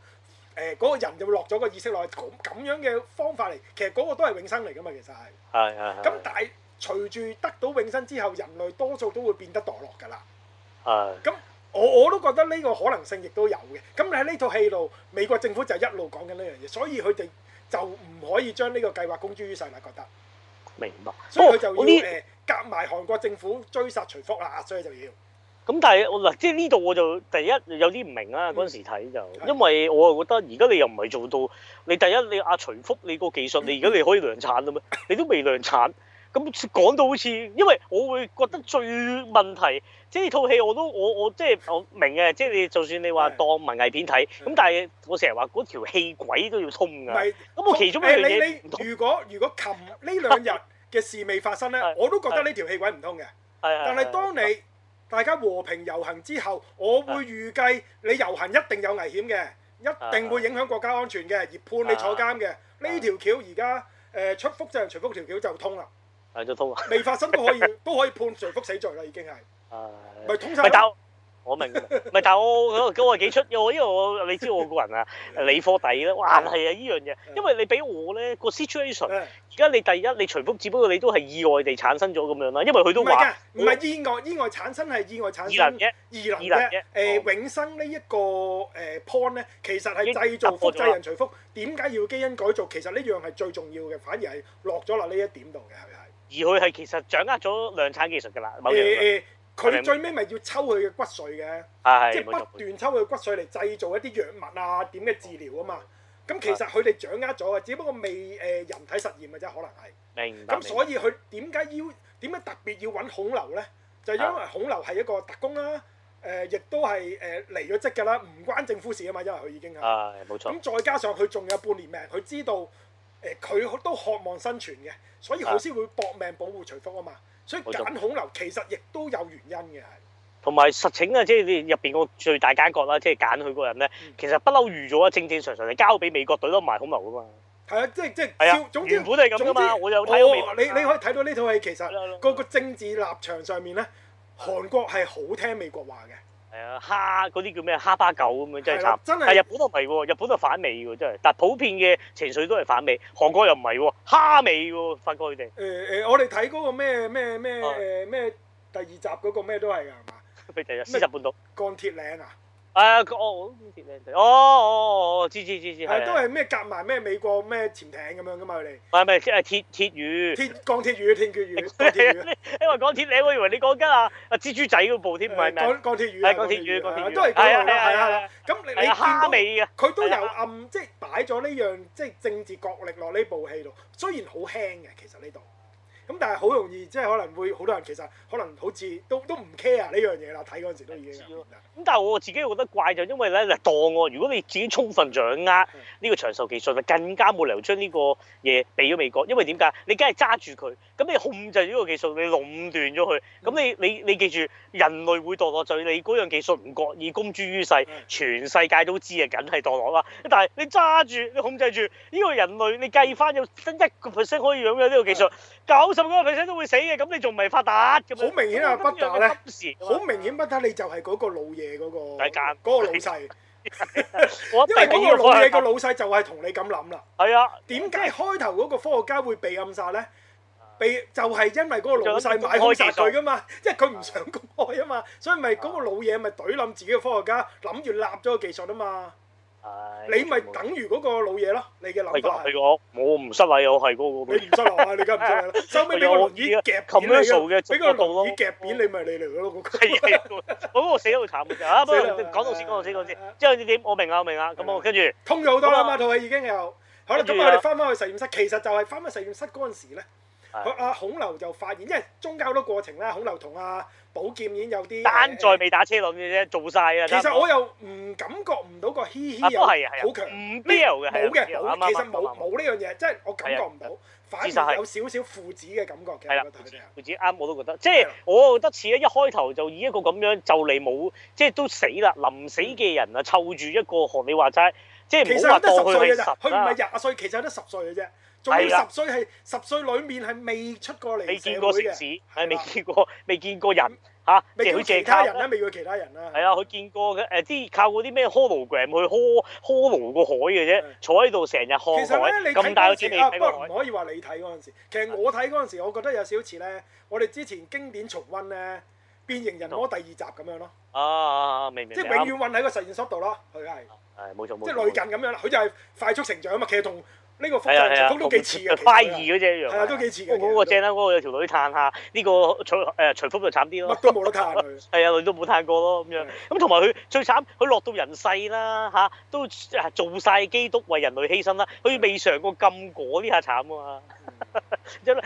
誒嗰、呃嗰個人就會落咗個意識落去，咁咁樣嘅方法嚟，其實嗰個都係永生嚟㗎嘛，其實係。係係咁，但係隨住得到永生之後，人類多數都會變得墮落㗎啦。係。咁 (music) 我我都覺得呢個可能性亦都有嘅。咁你喺呢套戲度，美國政府就一路講緊呢樣嘢，所以佢哋就唔可以將呢個計劃公諸於世啦，覺得。明白。所以佢就要誒夾埋韓國政府追殺徐福啦，所以就要。咁但係我嗱，即係呢度我就第一有啲唔明啦。嗰陣時睇就，因為我又覺得而家你又唔係做到你第一，你阿、啊、徐福你個技術，你而家你可以量產啦咩？你都未量產，咁講到好似，因為我會覺得最問題，即係呢套戲我都我我即係我明嘅，即係你就算你話當文藝片睇，咁但係我成日話嗰條戲軌都要通㗎。咁我其中一樣嘢，如果如果近呢兩日嘅事未發生咧， (laughs) 我都覺得呢條戲軌唔通嘅。但係當你 (laughs) 大家和平遊行之後，我會預計你遊行一定有危險嘅，一定會影響國家安全嘅，而判你坐監嘅。呢條橋而家誒徐福就係徐福條橋就通啦，通未發生都可以 (laughs) 都可以判徐福死罪啦，已經係，咪、啊、通曬。我明，唔係，但係我我我話幾出，因為我，我你知我個人啊，理科底啦，硬係啊呢樣嘢，因為你俾我咧個 situation，而家你第一你徐福，只不過你都係意外地產生咗咁樣啦，因為佢都話唔係意外，我意外產生係意外產生，二零嘅二零嘅誒永生呢、這、一個誒 point 咧，其實係製造複製人徐福，點解要基因改造？其實呢樣係最重要嘅，反而係落咗落呢一點度嘅，係咪係？而佢係其實掌握咗量產技術嘅啦，某樣嘢。呃呃佢最尾咪要抽佢嘅骨髓嘅，即係、啊、不斷抽佢骨髓嚟製造一啲藥物啊，點樣治療啊嘛。咁其實佢哋掌握咗，啊、只不過未誒、呃、人體實驗嘅啫，可能係。明咁白所以佢點解要點解白特別要揾孔劉咧？就係、因為孔劉係一個特工啦、啊，誒亦都係誒離咗職㗎啦，唔關政府事啊嘛，因為佢已經係。冇、啊、錯。咁再加上佢仲有半年命，佢知道誒佢、呃、都渴望生存嘅，所以佢先會搏命保護徐福啊嘛。所以揀孔劉其實亦都有原因嘅，同埋實情啊，即係你入邊個最大奸角啦，即係揀佢嗰個人咧，嗯、其實不嬲預咗啊，正正常常就交俾美國隊咯，埋孔劉噶嘛。係啊，即係即係，啊、總之原本之都係咁噶嘛。我有睇到，你你可以睇到呢套戲其實個個政治立場上面咧，韓國係好聽美國話嘅。係啊，蝦嗰啲叫咩？蝦巴狗咁樣真係慘，真係。日本都唔係喎，日本都反美喎，真係。但普遍嘅情緒都係反美，韓國又唔係喎，蝦美喎，發覺佢哋。誒誒、欸欸，我哋睇嗰個咩咩咩誒咩第二集嗰個咩都係㗎係嘛？第麼四集半島。鋼鐵嶺啊！係哦，哦，我都鐵靚仔，哦哦哦，知知知知，係都係咩夾埋咩美國咩潛艇咁樣噶嘛佢哋，唔係唔係即係鐵鐵魚，鐵鋼鐵魚天劍魚，鋼鐵魚，因為鋼鐵靚，我以為你講緊阿阿蜘蛛仔嗰部添，唔係咪？鋼鋼鐵魚啊，鋼鐵魚，鋼鐵魚，都係，係啊係啊，咁你你見過佢都有暗即係擺咗呢樣即係政治角力落呢部戲度，雖然好輕嘅其實呢度。咁但係好容易，即係可能會好多人其實可能好似都都唔 care 呢樣嘢啦。睇嗰陣時都已經咁，嗯、但係我自己覺得怪就因為咧，墮落。如果你自己充分掌握呢個長壽技術，就、嗯、更加冇理由將呢個嘢俾咗美國。因為點解？你梗係揸住佢，咁你控制呢個技術，你壟斷咗佢，咁你你你記住，人類會墮落就係你嗰樣技術唔覺意公諸於世，嗯、全世界都知啊，梗係墮落啦。但係你揸住，你控制住呢個人類，你計翻有得一個 percent 可以擁有呢個技術，九、嗯。十個 percent 都會死嘅，咁你仲唔係發達嘅咩？好明顯 (laughs) 你啊，不打咧，好明顯不打你就係嗰個老嘢嗰個，嗰個老細。因為嗰個老嘢個老細就係同你咁諗啦。係啊。點解開頭嗰個科學家會被暗殺呢？被、啊、就係因為嗰個老細買兇殺佢噶嘛，啊、因為佢唔想公開啊嘛，所以咪嗰個老嘢咪懟冧自己嘅科學家，諗住立咗個技術啊嘛。你咪等如嗰個老嘢咯，你嘅諗法。係咯，我唔失禮，我係嗰個。你唔失禮，你梗唔失禮啦。收尾俾紅衣夾，冚咩數嘅角度咯。俾個紅衣夾片，你咪你嚟咯，嗰個。我嗰個死得好慘啊！啊，講到先，講到先，講到先。之後你點？我明啦，我明啦。咁我跟住。通咗好多啦嘛，套戲已經有。好啦，咁我哋翻返去實驗室，其實就係翻返實驗室嗰陣時咧。阿阿孔劉就發現，因為宗教好多過程咧，孔劉同阿寶劍已經有啲單在未打車輪嘅啫，做晒啊！其實我又唔感覺唔到個嘻嘻啊，好強唔 B L 嘅好嘅冇，其實冇冇呢樣嘢，即係我感覺唔到，反而有少少父子嘅感覺。其實我父子啱，我都覺得，即係我覺得似一開頭就以一個咁樣就嚟冇，即係都死啦，臨死嘅人啊，湊住一個學你話齋，即係其實得十歲嘅啫，佢唔係廿歲，其實得十歲嘅啫。仲要十歲係十歲裏面係未出過嚟社會嘅，係未見過未見過人嚇，未其他人啦，未見其他人啦。係啊，佢見過嘅誒啲靠嗰啲咩 hologram 去 hologram 個海嘅啫，坐喺度成日看海，咁大個隻未睇過海。唔可以話你睇嗰陣時，其實我睇嗰陣時，我覺得有少似咧，我哋之前經典重溫咧，變形人我第二集咁樣咯。啊，明明，即係永遠運喺個實驗室度咯，佢係係冇錯，即係類近咁樣啦，佢就係快速成長啊嘛，其實同。呢個福人複製人徐福都幾似嘅，誒，快二嗰隻，係啊，都幾似嘅。我我、哦、正啦、啊，我有條女嘆下，呢、這個徐誒徐福就慘啲咯。乜都冇得嘆佢。係啊， (laughs) 女都冇嘆過咯咁的樣。咁同埋佢最慘，佢落到人世啦吓、啊，都做晒基督為人類犧牲啦，佢未嘗過禁果呢下慘啊嘛。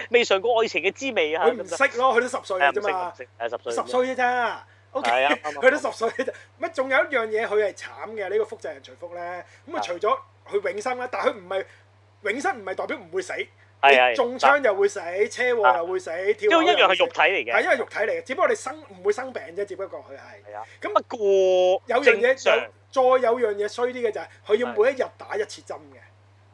未 (laughs) 嘗過愛情嘅滋味、嗯、啊！佢唔識咯，佢都十歲嘅啫嘛。係十歲，十歲啫啫。O K。係啊。 (laughs) 佢、嗯、都十歲乜？仲 (laughs) 有一樣嘢，佢係慘嘅。呢個複製人徐福咧，咁啊，除咗佢永生啦，但係佢唔係。永生唔係代表唔會死，係啊你中槍係啊又會死，車禍又會死，啊、跳死一樣係肉體嚟嘅，係因為肉體嚟嘅，只不過你生唔會生病啫，只不過佢係，咁係啊那不過有樣嘢，再有樣嘢衰啲嘅就係、係、佢要每一日打一次針嘅，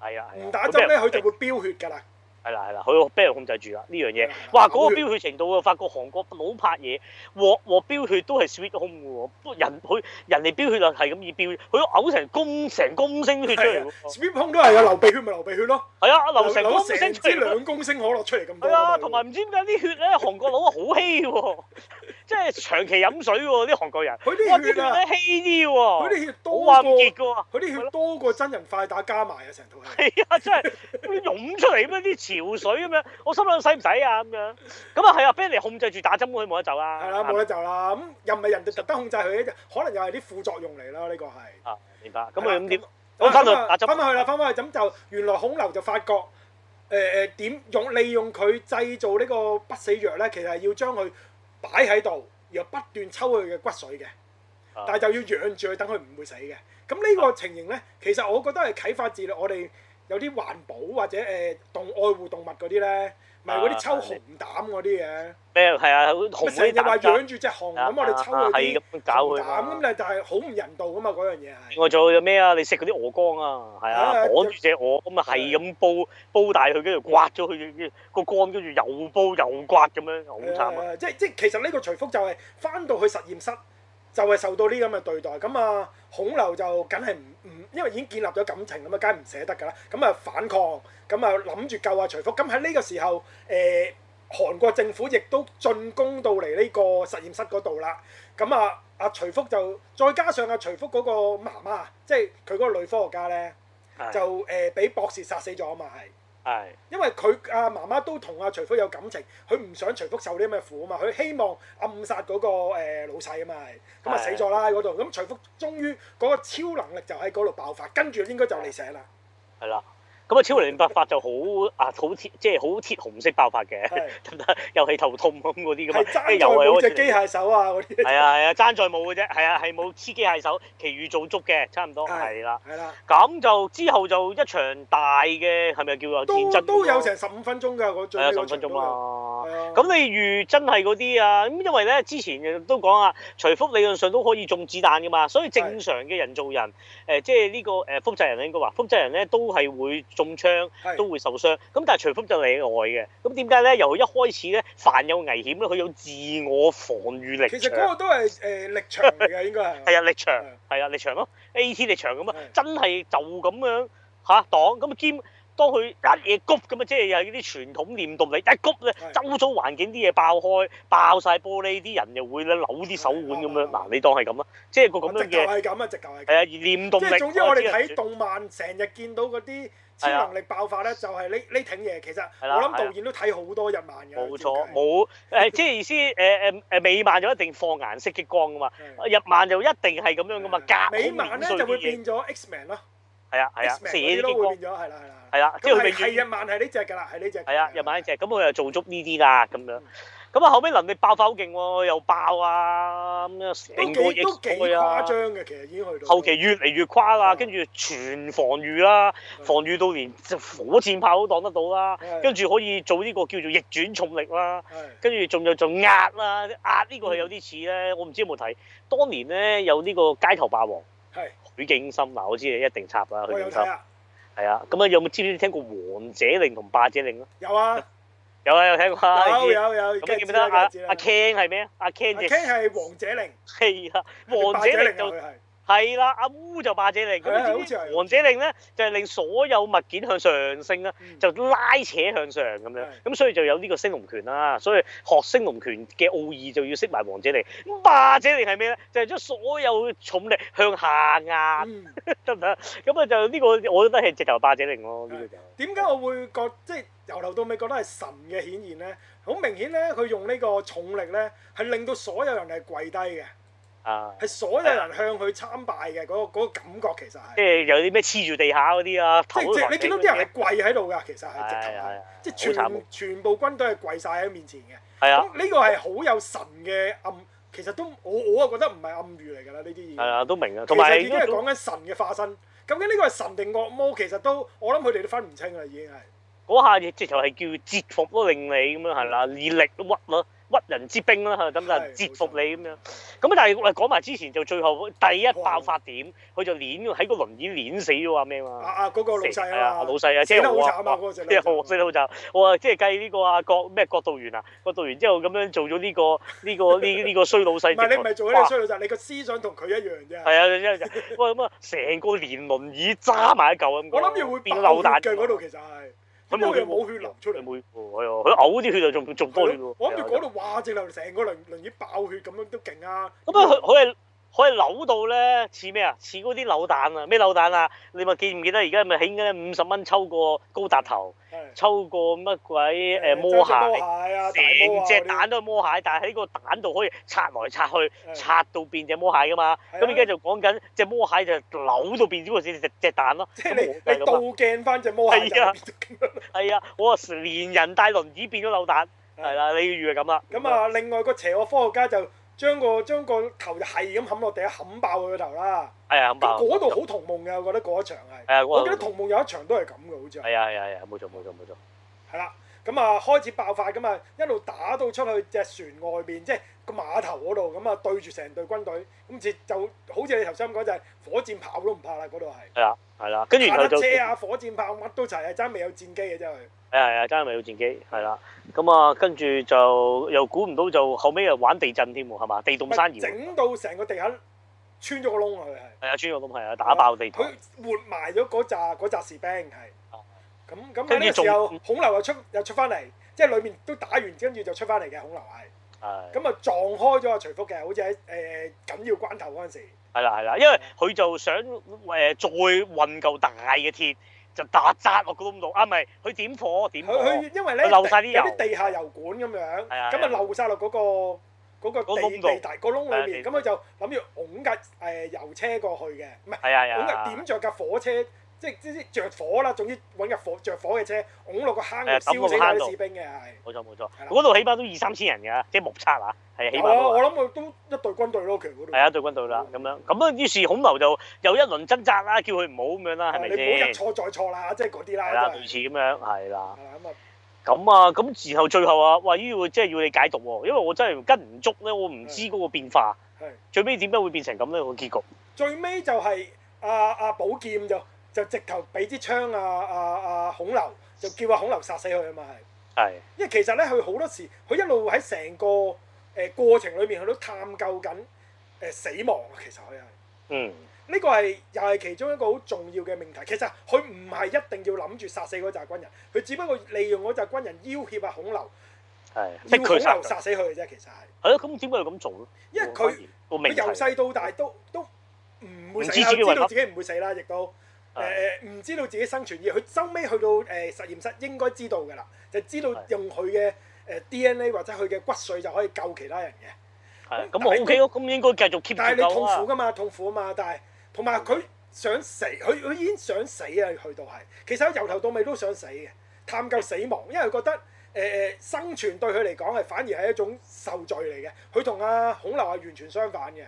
係啊，唔打針咧佢就會飆血噶啦。係啦係啦，佢啤人控制住啦呢樣嘢。哇，嗰個飆血程度啊，發覺韓國老拍嘢，鑊鑊飆血都係 sweet 空嘅喎。人佢人哋飆血量係咁易飆，佢都嘔成公成公升血出嚟。sweet home 都係啊，流鼻血咪流鼻血咯。係啊，流成公升出嚟，兩公升可樂出嚟咁多。係啊，同埋唔知點解啲血咧，韓國佬好稀喎，即係長期飲水喎啲韓國人。佢啲血啊稀啲喎。佢啲血多啊唔結嘅，佢啲血多過真人快打加埋啊成套。係啊，真係佢湧出嚟咩啲血。潮水咁樣，我心諗使唔使啊？咁樣咁啊，係啊，俾人控制住打針，佢冇得走啦。係啦、啊，冇得走啦。咁又唔係人哋特登控制佢咧，可能又係啲副作用嚟啦。呢個係明白。咁啊點？我翻那、嗯、到阿周，翻返去啦，翻返去。咁就原來孔劉就發覺，誒誒點用利用佢製造呢個不死藥咧？其實係要將佢擺喺度，然後不斷抽佢嘅骨髓嘅。啊、但係就要養住佢，等佢唔會死嘅。咁呢個情形咧，其實我覺得係啟發至我哋。有啲環保或者誒、欸、動愛護動物嗰啲咧，咪嗰啲抽熊膽嗰啲嘅咩？係啊，熊膽。咪話養住隻熊咁，我哋抽佢熊膽，咁但係好唔人道噶嘛嗰樣嘢係。另外仲有咩啊？你食嗰啲鵝肝啊，係啊、嗯，綁住隻鵝咁啊，係咁煲煲大佢，跟住刮咗佢嘅個肝，跟住又煲又刮咁樣，好慘啊！即、嗯、即其實呢個徐福就係翻到去實驗室。就係受到呢啲咁嘅對待，咁啊孔劉就梗係唔唔，因為已經建立咗感情咁啊，梗係唔捨得㗎啦，咁啊反抗，咁啊諗住救阿徐福，咁喺呢個時候，誒、呃、韓國政府亦都進攻到嚟呢個實驗室嗰度啦，咁啊阿徐福就再加上阿、啊、徐福嗰個媽媽，即係佢嗰個女科學家咧，的就誒俾、呃、博士殺死咗啊嘛係。因為佢阿媽媽都同阿徐福有感情，佢唔想徐福受啲咩苦啊嘛，佢希望暗殺嗰個老細啊嘛，咁啊死咗啦喺嗰度，咁的徐福終於嗰個超能力就喺嗰度爆發，跟住應該就嚟寫啦。係啦。咁啊，超齡爆發就好啊，好鐵即係好似紅色爆發嘅，得得是？ (laughs) 又係頭痛咁嗰啲咁，即又係嗰隻機械手啊嗰啲。係 (laughs) 啊，啊，爭在冇嘅啫，係啊，係冇黐機械手，其餘做足嘅，差唔多。係啦，係啦。咁就之後就一場大嘅，係咪叫做延續？都有成十五分鐘㗎，我最係啊，十五分鐘啦。咁你如真係嗰啲啊？咁因為咧，之前都講啊，徐福理論上都可以中子彈噶嘛。所以、so, 正常嘅人做人，誒，即係呢個誒複製人應該話複製人咧都係會中槍，都會受傷。咁但係徐福就例外嘅。咁點解咧？由佢一開始咧，凡有危險咧，佢有自我防禦力。其實嗰個都係誒力場嚟嘅，應該係。係、yeah, yeah. 啊，力場，係啊，力場咯，A T 力場咁啊，真係就咁樣嚇，當咁啊兼。當佢一嘢谷咁啊，即係又嗰啲傳統念動力一谷咧，周遭環境啲嘢爆開，爆晒玻璃，啲人又會咧扭啲手腕咁樣。嗱，你當係咁啦，即係個咁樣嘅。直頭係咁啊，直頭係。係啊，念動力。即係總之，我哋睇動漫成日見到嗰啲超能力爆發咧，就係呢呢挺嘢。其實我諗導演都睇好多日漫嘅。冇錯，冇誒，即係意思誒誒誒，美漫就一定放顏色激光噶嘛，日漫就一定係咁樣噶嘛，夾。美漫咧就會變咗 Xman 咯。係啊，係啊，射嘢都會變咗，係啦，係啦，係啊，即係佢遠係一萬係呢隻㗎啦，係呢隻，係啊，一萬呢隻，咁佢又做足呢啲啦，咁樣，咁啊後尾能力爆發好勁喎，又爆啊，咁樣，成個亦都幾誇張嘅，其實已經去到後期越嚟越誇啦，跟住全防禦啦，防禦到連火箭炮都擋得到啦，跟住可以做呢個叫做逆轉重力啦，跟住仲有仲壓啦，壓呢個係有啲似咧，我唔知有冇睇，當年咧有呢個街頭霸王。水鏡心嗱，我知你一定插啦，水鏡心，係啊，咁啊、嗯，有冇知你知聽過王者令同霸者令咯、啊 (laughs) 啊？有啊，有啊，有聽過啊？有有、啊、有，咁你記唔記得阿阿 Ken 係咩啊？阿 Ken 係王者令。係啊、嗯，王者令就、啊。係啦，阿烏就霸者令，咁的呢啲王者令咧就係、是、令所有物件向上升啦，嗯、就拉扯向上咁樣，咁的所以就有呢個升龍拳啦。所以學升龍拳嘅奧義就要識埋王者令。咁霸者令係咩咧？就係、是、將所有重力向下壓，得唔得？咁啊 (laughs) (laughs) 就呢個我都覺得係直頭霸者令咯。點解的我會覺即係由頭到尾覺得係神嘅顯現咧？好明顯咧，佢用呢個重力咧係令到所有人係跪低嘅。係、啊、所有人向佢參拜嘅嗰、嗰個嗰個感覺其實係即係有啲咩黐住地下嗰啲啊，即係是即你見到啲人跪喺度㗎，其實係即係即即係全很慘 全部軍隊都係跪晒喺面前嘅。係啊，咁呢個係好有神嘅暗，其實都我我啊覺得唔係暗喻嚟㗎啦，呢啲嘢係啊，都明啊。同埋其實只係講緊神嘅化身，究竟呢個係神定惡魔？其實都我諗佢哋都分唔清啦，已經係。嗰下直頭係叫折服咯，令你咁樣係啦，以力都屈啦。屈人之兵啦，嚇，咁就折服你咁樣。咁但係我哋講埋之前，就最後第一爆發點，佢就碾喺個輪椅碾死咗啊！咩嘛？啊啊，嗰個老細啊，老細啊，即係哇，即係好死得好慘啊！嗰個就老細，死得好慘。我話，即係計呢個啊國咩國導員啊，國導員之後咁樣做咗呢個呢個呢呢個衰老細。你唔係做個衰老你個思想同佢一樣啫。係啊，喂咁啊，成個連輪椅揸埋一嚿咁。我諗住會變榴大白度其實係。佢冇血流出嚟。佢冇、哦，哦哎、嘔啲血就仲仲多血。我諗住嗰度，哇！直頭成個輪輪椅爆血咁樣都勁啊！咁啊、嗯，佢佢係。可以扭到咧似咩啊？似嗰啲扭蛋啊？咩扭蛋啊？你咪記唔記得而家咪起緊五十蚊抽個高達頭，的抽個乜鬼誒的魔蟹，成隻蛋都係魔蟹，啊、但係喺個蛋度可以拆來拆去，的拆到變隻魔蟹噶嘛。咁而家就講緊隻魔蟹就扭到變咗成隻隻蛋咯。即係的你，你倒鏡翻隻魔蟹入邊。係啊，我連人帶輪子變咗扭蛋，係啦，你要預係咁啦。咁啊，另外個邪惡科學家就。將個將個頭就係咁冚落地啊，冚爆佢個頭啦！係啊、哎，嗰度好同夢嘅，我覺得嗰一場係。哎哎、我記得同夢有一場都係咁嘅，好似係。係啊係啊係啊，冇錯冇錯冇錯。係啦，咁啊開始爆發咁啊，一路打到出去隻船外面，即係個碼頭嗰度，咁啊對住成隊軍隊，咁似就，就好似你頭先講就係火箭炮都唔怕啦，嗰度係。係啊係啦，跟住打坦克車啊，火箭炮乜都，哎哎、都齊啊，爭未有戰機嘅真係。誒係啊，爭咪要戰機，係啦，咁啊，跟住就又估唔到，就後尾又玩地震添喎，係嘛？地動山搖，整到成個地下穿咗個窿啊！佢係係啊，穿咗個窿係啊，打爆地。佢活埋咗嗰扎嗰扎士兵係，咁咁嗰陣時又孔劉又出又出翻嚟，即係裏面都打完，跟住就出翻嚟嘅孔劉係。係。咁啊撞開咗個徐福嘅，好似喺誒緊要關頭嗰陣時。係啦係啦，因為佢就想誒再運嚿大嘅鐵。就打砸落個窿度啊！咪佢點火點火？佢佢因為咧有啲地下油管咁樣，咁啊就漏晒落嗰個嗰、嗰個地個地大、嗰個窿裏面，咁佢、啊啊、就諗住拱架誒油車過去嘅，唔係拱架點着架火車。即係即着火啦，總之揾個火着火嘅車，㧬落個坑度燒死啲士兵嘅係。冇錯冇錯，嗰度起碼都二三千人㗎，即係目測啊，係起碼。我我諗佢都一隊軍隊咯，其實嗰度。係啊，一隊軍隊啦，咁樣咁樣，於是孔劉就又一輪掙扎啦，叫佢唔好咁樣啦，係咪先？你唔好一錯再錯啦，即係嗰啲啦。係啦，類似咁樣，係啦。咁啊咁啊，咁後最後啊，哇！依個即係要你解讀喎，因為我真係跟唔足咧，我唔知嗰個變化。最尾點解會變成咁咧，呢個結局？最尾就係阿阿寶劍就。就直頭俾支槍啊啊啊孔流，就叫啊孔流殺死佢啊嘛係。係的。因為其實咧，佢好多時，佢一路喺成個誒、呃、過程裏面，佢都探究緊誒死亡。其實佢係。嗯。呢個係又係其中一個好重要嘅命題。其實佢唔係一定要諗住殺死嗰紮軍人，佢只不過利用嗰紮軍人要挾啊孔流。係的。要孔流殺死佢嘅啫，的其實係。係咯，咁點解要咁做咧？因為佢佢由細到大都都唔會死，又知道自己唔會死啦，亦都。誒誒，唔、呃、知道自己生存，而佢收尾去到誒實驗室應該知道㗎啦，就知道用佢嘅誒 DNA 或者佢嘅骨髓就可以救其他人嘅。係。咁好嘅，咁、嗯、應該繼續 keep 但係你痛苦㗎嘛，痛苦啊嘛，但係同埋佢想死，佢佢已經想死啊！去到係，其實佢由頭到尾都想死嘅，探究死亡，因為佢覺得誒誒、呃、生存對佢嚟講係反而係一種受罪嚟嘅。佢同阿孔劉係完全相反嘅。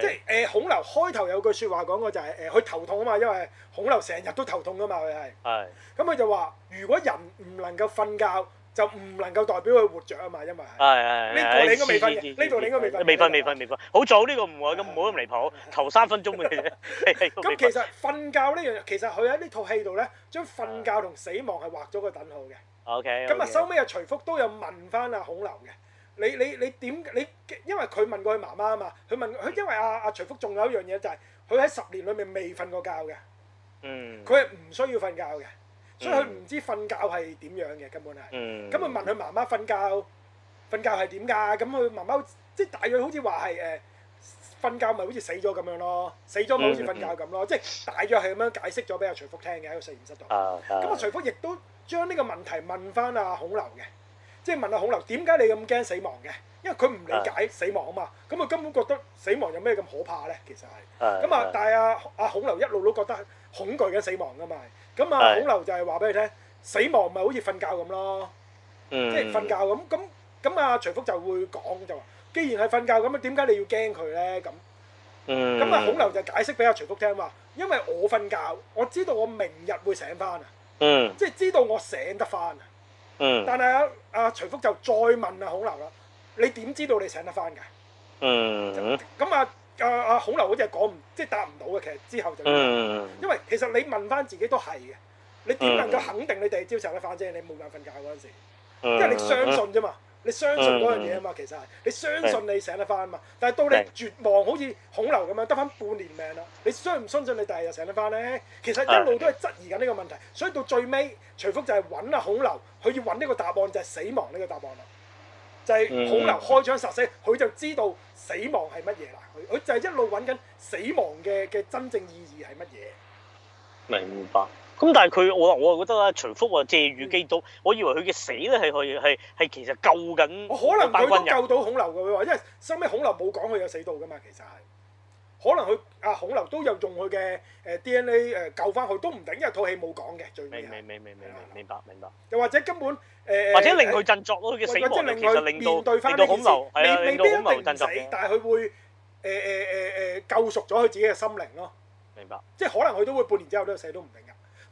即係誒孔劉開頭有句説話講過，就係誒佢頭痛啊嘛，因為孔劉成日都頭痛噶嘛，佢係，咁佢就話如果人唔能夠瞓覺就唔能夠代表佢活着啊嘛，因為係，呢度你應該未瞓嘅，呢度你應該未瞓，未瞓未瞓未瞓，好早，呢個唔會咁，唔好咁離譜，頭三分鐘嘅啫。咁其實瞓覺呢樣，其實佢喺呢套戲度咧，將瞓覺同死亡係畫咗個等號嘅。O K，咁啊收尾啊徐福都有問翻啊孔劉嘅。你你你點你？因為佢問過佢媽媽啊嘛，佢問佢，因為阿阿徐福仲有一樣嘢就係佢喺十年裏面未瞓過覺嘅。嗯。佢係唔需要瞓覺嘅，所以佢唔知瞓覺係點樣嘅根本係。嗯。咁佢問佢媽媽瞓覺，瞓覺係點㗎？咁佢媽媽即係大約好似話係誒瞓覺咪好似死咗咁樣咯，死咗咪好似瞓覺咁咯，即係大約係咁樣解釋咗俾阿徐福聽嘅喺個實驗室度。啊。咁阿徐福亦都將呢個問題問翻阿孔劉嘅。即係問阿孔劉點解你咁驚死亡嘅？因為佢唔理解死亡啊嘛，咁佢根本覺得死亡有咩咁可怕咧？其實係，咁啊，但係阿阿孔劉一路都覺得恐懼緊死亡㗎嘛，咁啊孔劉就係話俾佢聽，死亡咪好似瞓覺咁咯，即係瞓覺咁咁咁啊徐福就會講就話，既然係瞓覺咁啊，點解你要驚佢咧？咁，咁啊孔劉就解釋俾阿徐福聽話，因為我瞓覺，我知道我明日會醒翻啊，即係知道我醒得翻啊。但係阿阿徐福就再問阿、啊、孔劉啦，你點知道你醒得翻嘅？嗯，咁啊，誒、啊、誒孔劉好似係講唔，即係答唔到嘅。其實之後就、嗯、因為其實你問翻自己都係嘅，你點能夠肯定你哋朝醒得翻啫？你冇眼瞓覺嗰陣時，因為你相信啫嘛。嗯嗯嗯你相信嗰樣嘢啊嘛，其實係你相信你醒得返嘛，嗯、但係到你絕望、嗯、好似孔劉咁樣得返半年命啦，你相唔相信你第二日醒得返咧？其實一路都係質疑緊呢個問題，所以到最尾，徐福就係揾啊孔劉，佢要揾呢個答案就係、是、死亡呢個答案咯，就係、是、孔劉開槍殺死，佢就知道死亡係乜嘢啦。佢就係一路揾緊死亡嘅嘅真正意義係乜嘢？明白。咁但係佢我我覺得啊，徐福話借喻基督，我以為佢嘅死咧係佢係係其實救緊我，可能佢都救到孔劉嘅，因為收尾孔劉冇講佢有死到噶嘛，其實係可能佢啊孔劉都有用佢嘅誒 DNA 誒救翻佢都唔定，因為套戲冇講嘅，最明明明明明明白明白，又或者根本誒或者令佢振作咯佢嘅死亡，其實令到面對翻到孔劉係啊面對孔劉振作嘅，但係佢會誒誒誒誒救贖咗佢自己嘅心靈咯，明白，即係可能佢都會半年之後都死都唔定。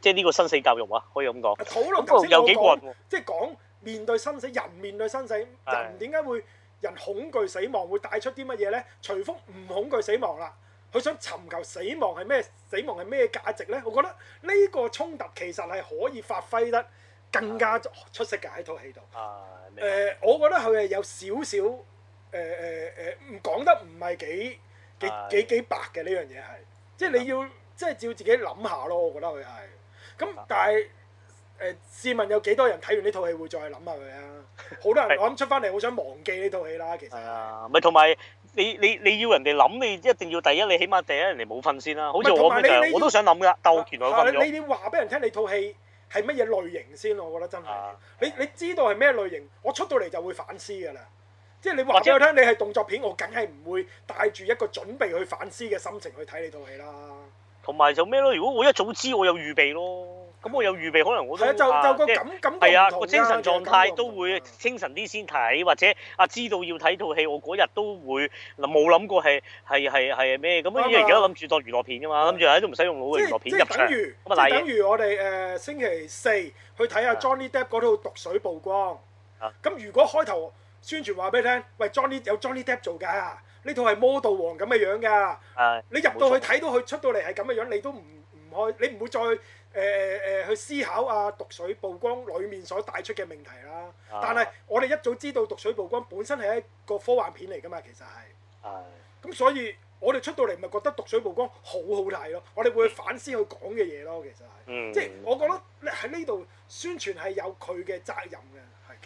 即係呢個生死教育啊，可以咁講討論有幾攰喎。即係講面對生死，人面對生死，的人點解會人恐懼死亡，會帶出啲乜嘢咧？徐福唔恐懼死亡啦，佢想尋求死亡係咩？死亡係咩價值咧？我覺得呢個衝突其實係可以發揮得更加出色嘅喺套戲度。誒的、呃，我覺得佢係有少少誒誒誒，唔、呃呃、講得唔係幾幾的幾幾，幾，幾白嘅呢樣嘢係。即係你要即係照自己諗下咯，我覺得佢係。咁、嗯、但係誒、呃，試問有幾多人睇完呢套戲會再諗下佢啊？好多人 (laughs) 是我諗出翻嚟好想忘記呢套戲啦。其實、啊，咪同埋你你你要人哋諗，你一定要第一你起碼第一人哋冇瞓先啦。好似我咁就是我都想諗㗎。鬥完、啊、我瞓、啊啊、你你話俾人聽，你套戲係乜嘢類型先？我覺得真係你你知道係咩類型，我出到嚟就會反思㗎啦。即係你話俾我聽，你係動作片，我梗係唔會帶住一個準備去反思嘅心情去睇呢套戲啦。同埋就咩咯？如果我一早知，我有預備咯。咁我有預備，可能我都、啊、就就個感感覺係啊，個精神狀態都會精神啲先睇，或者啊知道要睇套戲，我嗰日都會冇諗過係係係係咩咁啊？吧因為而家諗住當娛樂片㗎嘛，諗住係都唔使用腦嘅娛樂片入場。就例如我哋誒、呃、星期四去睇下 Johnny Depp 嗰套《毒水曝光》啊。咁如果開頭宣傳話俾你聽，喂，Johnny 有 Johnny Johnny Depp 做㗎。呢套係魔道王咁嘅樣㗎，啊、你入到去睇到佢出到嚟係咁嘅樣，你都唔唔去，你唔會再誒誒、呃呃、去思考啊《毒水曝光》裏面所帶出嘅命題啦。啊、但係我哋一早知道《毒水曝光》本身係一個科幻片嚟㗎嘛，其實係。係、啊。咁所以我哋出到嚟咪覺得《毒水曝光》好好睇咯，我哋會反思佢講嘅嘢咯，其實係。即係、嗯、我覺得喺呢度宣傳係有佢嘅責任嘅。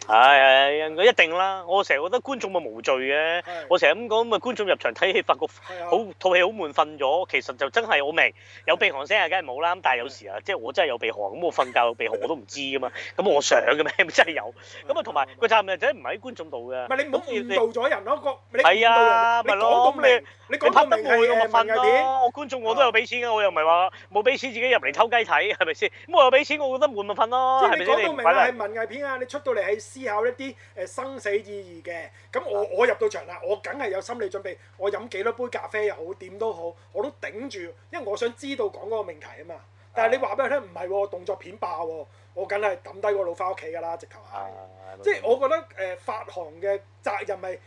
係係，一定啦！我成日覺得觀眾咪無罪嘅，我成日咁講咁啊！觀眾入場睇戲，發覺好套戲好悶，瞓咗，其實就真係好明有鼻鼾聲啊，梗係冇啦。咁但係有時啊，即係我真係有鼻鼾，咁我瞓覺有鼻鼾我都唔知噶嘛。咁我想嘅咩？咪真係有咁啊？同埋個責任仔唔係喺觀眾度嘅，唔係你唔唔咗人咯個，係啊，咪咁你你講到明係唔係瞓？我觀眾我都有俾錢㗎，我又唔係話冇俾錢自己入嚟偷雞睇係咪先？咁我俾錢，我覺得悶咪瞓咯，係咪先？即文藝片啊，你出到嚟係。思考一啲誒生死意義嘅，咁我、uh, 我入到場啦，我梗係有心理準備，我飲幾多杯咖啡又好，點都好，我都頂住，因為我想知道講嗰個命題啊嘛。但係你話俾佢聽，唔係喎，動作片爆喎，我梗係抌低個腦翻屋企㗎啦，直頭係。Uh, 即係我覺得誒、呃、發行嘅責任係。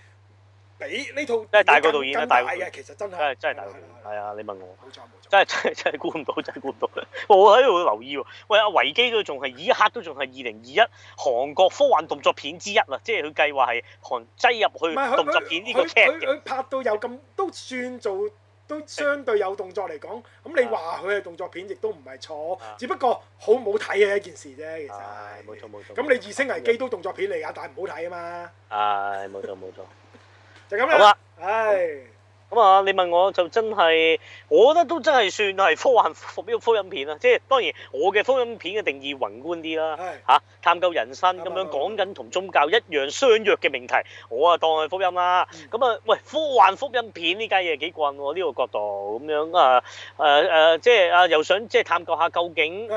俾呢套，即係大個導演啦，大個，係啊，其實真係，係真係大個，係啊，你問我，冇錯冇錯，真係真真係估唔到，真係估唔到，我喺度會留意喎。喂，阿維基都仲係，依一刻都仲係二零二一韓國科幻動作片之一啊！即係佢計劃係韓擠入去動作片呢個劇，佢拍到有咁都算做都相對有動作嚟講，咁你話佢係動作片亦都唔係錯，只不過好唔好睇嘅一件事啫。其實係冇錯冇錯。咁你二星危機都動作片嚟噶，但係唔好睇啊嘛。係冇錯冇錯。好啦了，唉是，咁啊、嗯，你問我就真係，我覺得都真係算係科幻福音福音片啊。即係當然，我嘅福音片嘅定義宏觀啲啦，嚇是、啊，探究人生咁樣講緊同宗教一樣相若嘅命題，我啊當係福音啦。咁啊、嗯嗯，喂，科幻福音片呢家嘢幾勁喎？呢、這個角度咁樣啊，誒、呃、誒、呃呃，即係啊，又、呃、想即係、呃呃、探究下究竟。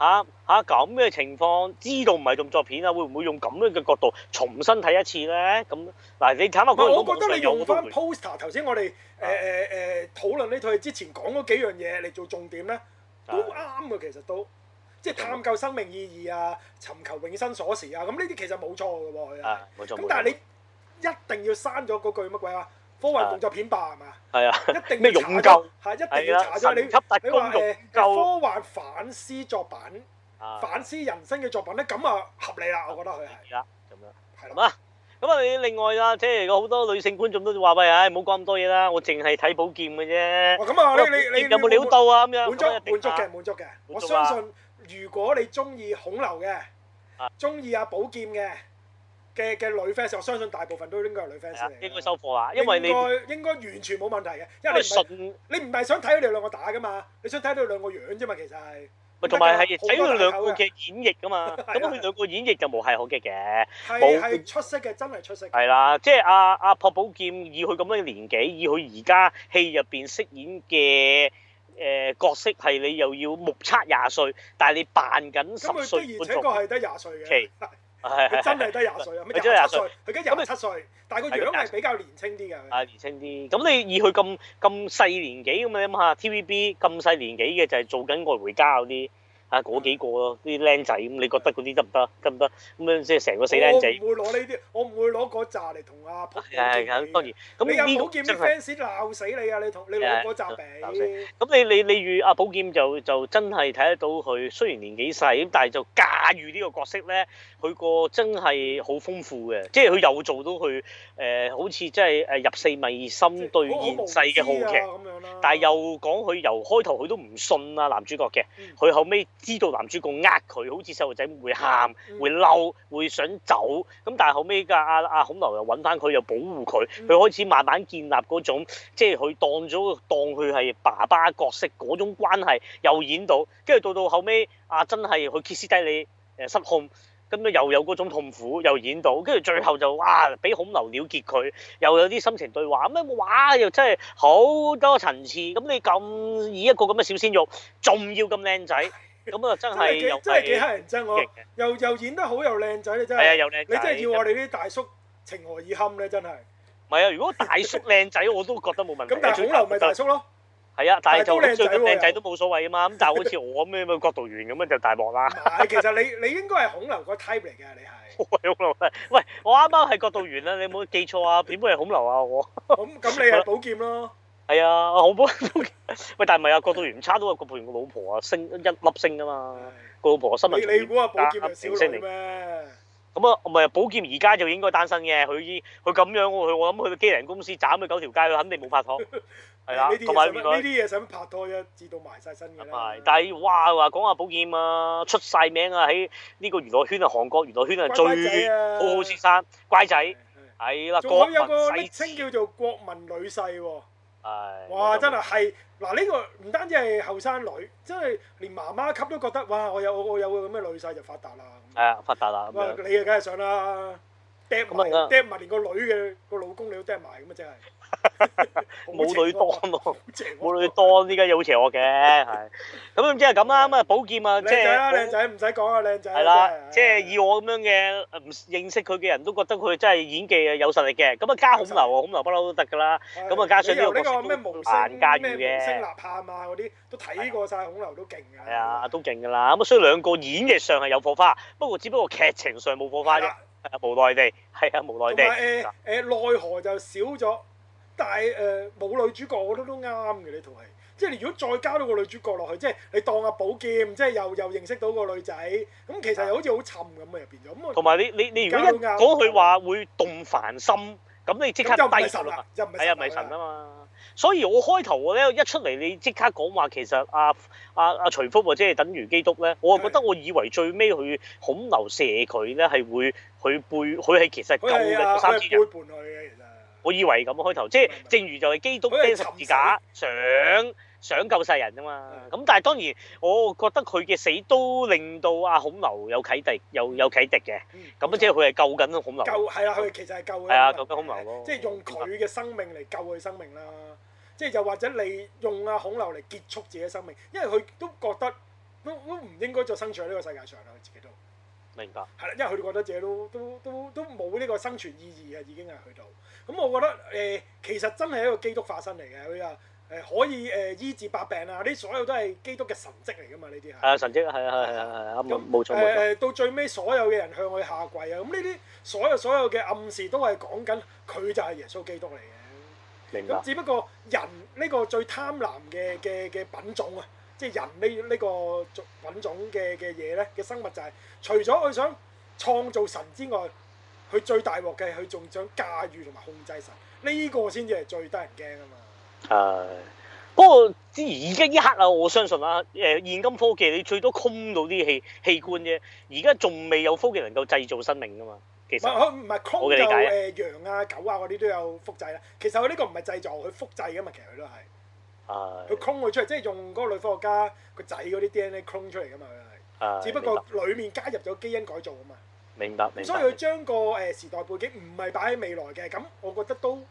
啊，啊，咁嘅情況，知道唔係動作片啊，會唔會用咁樣嘅角度重新睇一次咧？咁嗱，你坦白講，唔係我覺得你用翻 poster，頭先我哋誒誒誒討論呢套之前講嗰幾樣嘢嚟做重點咧，都啱嘅，其實都，即係探究生命意義啊，尋求永生鎖匙啊，咁呢啲其實冇錯㗎喎，佢啊，冇錯，咁但係你一定要刪咗嗰句乜鬼呀。科幻動作片吧係嘛？係啊，一定要查咗。係，一定要查咗你。你話誒科幻反思作品，反思人生嘅作品咧，咁啊合理啦，我覺得佢係。係啦，咁樣。係啦。咁啊，你另外啦，即係有好多女性觀眾都話喂，唉，唔好講咁多嘢啦，我淨係睇《寶劍》嘅啫。咁啊，你你你有冇料到啊？咁樣。滿足滿足嘅滿足嘅，我相信如果你中意孔劉嘅，中意阿寶劍嘅。嘅嘅女 fans，我相信大部分都應該係女 fans 嚟，應該收貨啊，因為你應該，應該完全冇問題嘅，因為你順你唔係想睇佢哋兩個打噶嘛，你想睇佢哋兩個樣啫嘛，其實係咪同埋係睇佢哋兩個嘅的演繹噶嘛，咁佢的兩個演繹就冇係好嘅嘅，冇係出色嘅，真係出色。係啦，即係阿阿朴寶劍，以佢咁嘅年紀，以佢而家戲入邊飾演嘅誒、呃、角色，係你又要目測廿歲，但係你扮緊十歲，而且得廿歲嘅。係，佢真係得廿歲啊，佢真係廿歲？佢而家廿七歲，歲你但係個樣係比較年青啲嘅。係、啊、年青啲，咁你以佢咁咁細年紀，咁你諗下，TVB 咁細年紀嘅就係做緊《愛回家》嗰啲。啊嗰幾個啲僆仔咁，你覺得嗰啲得唔得？得唔得？咁樣即係成個死僆仔。我唔會攞呢啲，我唔會攞嗰扎嚟同阿寶劍。係啊，當然。你阿寶劍啲 fans 鬧死你啊！你同你攞嗰紮比。鬧死。咁你你你與阿寶劍就就真係睇得到佢，雖然年紀細，但係就駕馭呢個角色咧，佢個真係好豐富嘅。即係佢又做到佢誒，好似即係誒入四迷心，對現世嘅好奇。咁樣啦。但係又講佢由開頭佢都唔信啊男主角嘅，佢後尾。知道男主角呃佢，好似細路仔會喊、會嬲、會想走。咁但係後尾，嘅阿阿孔劉又揾翻佢，又保護佢。佢開始慢慢建立嗰種，即係佢當咗當佢係爸爸角色嗰種關係，又演到。跟住到到後尾，阿、啊、真係佢歇斯底里誒失控，咁樣又有嗰種痛苦，又演到。跟住最後就哇，俾孔劉了結佢，又有啲心情對話。咩話又真係好多層次。咁你咁以一個咁嘅小鮮肉，仲要咁靚仔。咁啊，真係又真係幾乞人憎我，又又演得好又靚仔咧，真係。係啊，又靚仔。你真係要我哋啲大叔情何以堪咧？真係。唔係啊，如果大叔靚仔，我都覺得冇問題。咁但係孔劉咪大叔咯。係啊，但係就最緊靚仔都冇所謂啊嘛。咁但係好似我咩咩角度員咁啊，就大鑊啦。唔係，其實你你應該係孔劉個 type 嚟嘅，你係。我係孔劉啊！喂，我啱啱係角度員啊，你冇記錯啊？點會係孔劉啊？我。咁咁，你係寶劍咯。係啊，好冇喂！但係唔係啊？郭度唔差都係郭度賢個老婆啊，升一粒星噶嘛。個老婆身為保劍，小星星咁啊，唔係啊，保劍而家就應該單身嘅。佢依佢咁樣，佢我諗佢嘅機人公司斬去九條街，佢肯定冇拍拖係啦。同埋呢啲嘢想拍拖到啊？知道埋晒身嘅，但係哇話講下保劍啊，出晒名啊，喺呢個娛樂圈啊，韓國娛樂圈啊，最好好先生乖仔係啦。仲、啊、有，有個暱稱叫做國民女婿、啊哎、哇！什真係係嗱，呢喊、這個唔單止係後生女，即係連媽媽級都覺得哇！我有我有個咁嘅女婿就發達啦。係啊，發達啦。哇這樣 說！你啊，梗係想啦，掟唔係掟埋，連個女嘅個老公你都掟埋咁啊！真係、就是。冇女多咯，冇女多呢家又好邪惡嘅，係咁即係咁啦，咁啊寶劍啊，靚仔啦，靚仔唔使講啊，靚仔係啦，即係以我咁樣嘅唔認識佢嘅人都覺得佢真係演技有實力嘅，咁啊加孔劉，孔劉不嬲都得噶啦，咁啊加上呢個咩無聲吶喊啊嗰啲都睇過晒，孔劉都勁啊，係啊都勁噶啦，咁啊所以兩個演技上係有火花，不過只不過劇情上冇火花啫，無奈地係啊無奈地，誒奈何就少咗。但係誒冇女主角我覺得都都啱嘅呢套戲，即係你如果再加到個女主角落去，即係你當阿寶劍，即係又又認識到個女仔，咁其實又好似好沉咁入邊咗。同埋你你你如果一講佢話會動凡心，咁、嗯、你即刻低神啦。係啊，咪神啊嘛。所以我開頭我咧一出嚟，你即刻講話其實阿阿阿徐福或者等於基督咧，我啊覺得我以為最尾佢孔劉射佢咧係會佢背佢係其實救嘅三千人。我以為係咁開頭，即係正如就係基督釘十字架，想想救世人啊嘛。咁、嗯、但係當然，我覺得佢嘅死都令到阿孔劉有啟迪，有有啟迪嘅。咁、嗯、即係佢係救緊阿孔劉。救係啊，佢其實係救。係啊，救緊孔劉咯。即係用佢嘅生命嚟救佢生命啦。即係又或者你用阿孔劉嚟結束自己嘅生命，因為佢都覺得都都唔應該再生存喺呢個世界上啦，佢自己都。明白。係啦，因為佢哋覺得自己都都都都冇呢個生存意義嘅，已經係去到。咁我覺得誒、呃，其實真係一個基督化身嚟嘅。佢話誒可以誒、呃、醫治百病啊！呢所有都係基督嘅神跡嚟㗎嘛，呢啲係。啊，神跡啊，係啊，係啊，係啊，咁冇錯冇錯。誒到最尾，所有嘅人向佢下跪啊！咁呢啲所有所有嘅暗示都係講緊佢就係耶穌基督嚟嘅。明白。咁只不過人呢個最貪婪嘅嘅嘅品種啊。即係人呢呢個種品種嘅嘅嘢咧，嘅生物就係除咗佢想創造神之外，佢最大鑊嘅係佢仲想駕馭同埋控制神，呢、呢個先至係最得人驚啊嘛！誒，不過之而家一刻啊，我相信啦、啊、誒、呃，現今科技你最多控到啲器器官啫，而家仲未有科技能夠製造生命噶嘛，其實佢唔係控到誒羊啊狗啊嗰啲都有複製啦、啊，其實佢呢個唔係製造，佢複製噶嘛，其實佢都係。佢 clone 佢出嚟，即係用嗰個女科學家個仔嗰啲 DNA clone 出嚟噶嘛，佢係、啊。只不過裡面加入咗基因改造啊嘛明。明白明白。所以佢將個誒時代背景唔係擺喺未來嘅，咁我覺得都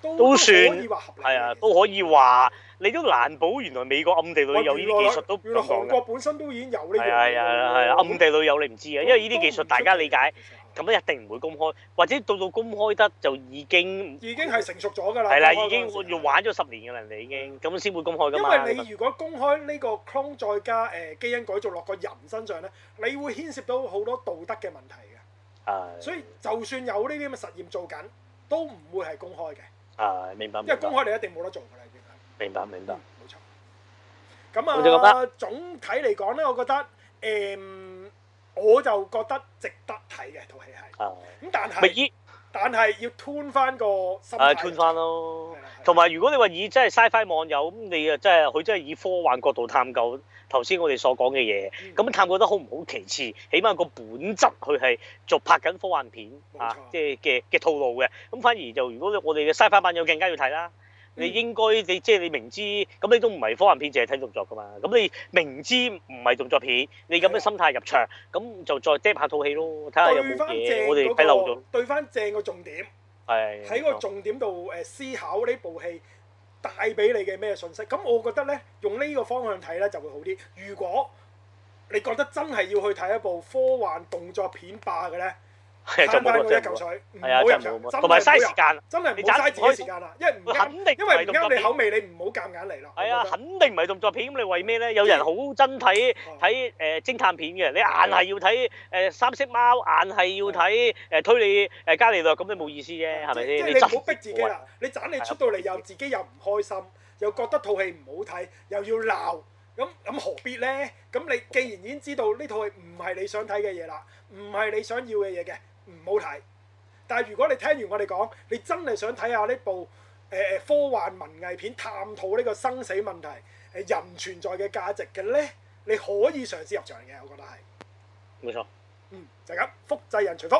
都，算都可以話合理。係啊，都可以話，你都難保原來美國暗地裏有呢啲技術都行嘅。韓國本身都已經有呢啲嘢喎。啊係啊係啊，啊，啊！暗地裏有你唔知啊，都因為呢啲技術大家理解。咁一定唔會公開，或者到到公開得就已經已經係成熟咗㗎啦。係啦，已經要玩咗十年㗎啦，你已經咁先會公開㗎嘛。因為你如果公開呢個 clone 再加誒基因改造落個人身上咧，你會牽涉到好多道德嘅問題嘅。啊。所以就算有呢啲咁嘅實驗做緊，都唔會係公開嘅。啊，明白。因為公開你一定冇得做㗎啦，已經。明白，明白。冇錯。咁啊，總體嚟講咧，我覺得誒。我就覺得值得睇嘅套戲係，咁但係，但係要 turn 翻個心態，turn 翻咯。同埋如果你話以即係 sci-fi 網友咁，你啊即係佢真係以科幻角度探究頭先我哋所講嘅嘢，咁、嗯、探究得好唔好其次，起碼個本質佢係做拍緊科幻片、嗯嗯、啊，即係嘅嘅套路嘅。咁反而就如果我哋嘅 sci-fi 版友更加要睇啦。你應該你即係你明知咁你都唔係科幻片，淨係睇動作㗎嘛？咁你明知唔係動作片，你咁樣心態入場，咁就再遮下套戲咯，睇下有冇嘢。我哋睇漏咗。對翻正個重點，係喺嗰個重點度誒思考呢部戲帶俾你嘅咩信息？咁我覺得咧，用呢個方向睇咧就會好啲。如果你覺得真係要去睇一部科幻動作片霸嘅咧。真係冇嘢撳水，唔好入場，同埋嘥時間，真係唔嘥自己時間啦。因為唔啱，因為唔啱你口味，你唔好夾硬嚟啦。係啊，肯定唔係動作片咁，你為咩咧？有人好真睇睇誒偵探片嘅，你硬係要睇誒三色貓，硬係要睇誒推理誒加利略，咁你冇意思啫，係咪先？即係你唔好逼自己啦。你掙你出到嚟又自己又唔開心，又覺得套戲唔好睇，又要鬧，咁咁何必咧？咁你既然已經知道呢套戲唔係你想睇嘅嘢啦，唔係你想要嘅嘢嘅。唔好睇，但係如果你聽完我哋講，你真係想睇下呢部誒誒、呃、科幻文藝片，探討呢個生死問題，誒、呃、人存在嘅價值嘅咧，你可以嘗試入場嘅，我覺得係。冇錯錯，嗯，就係、是、咁，複製人徐福。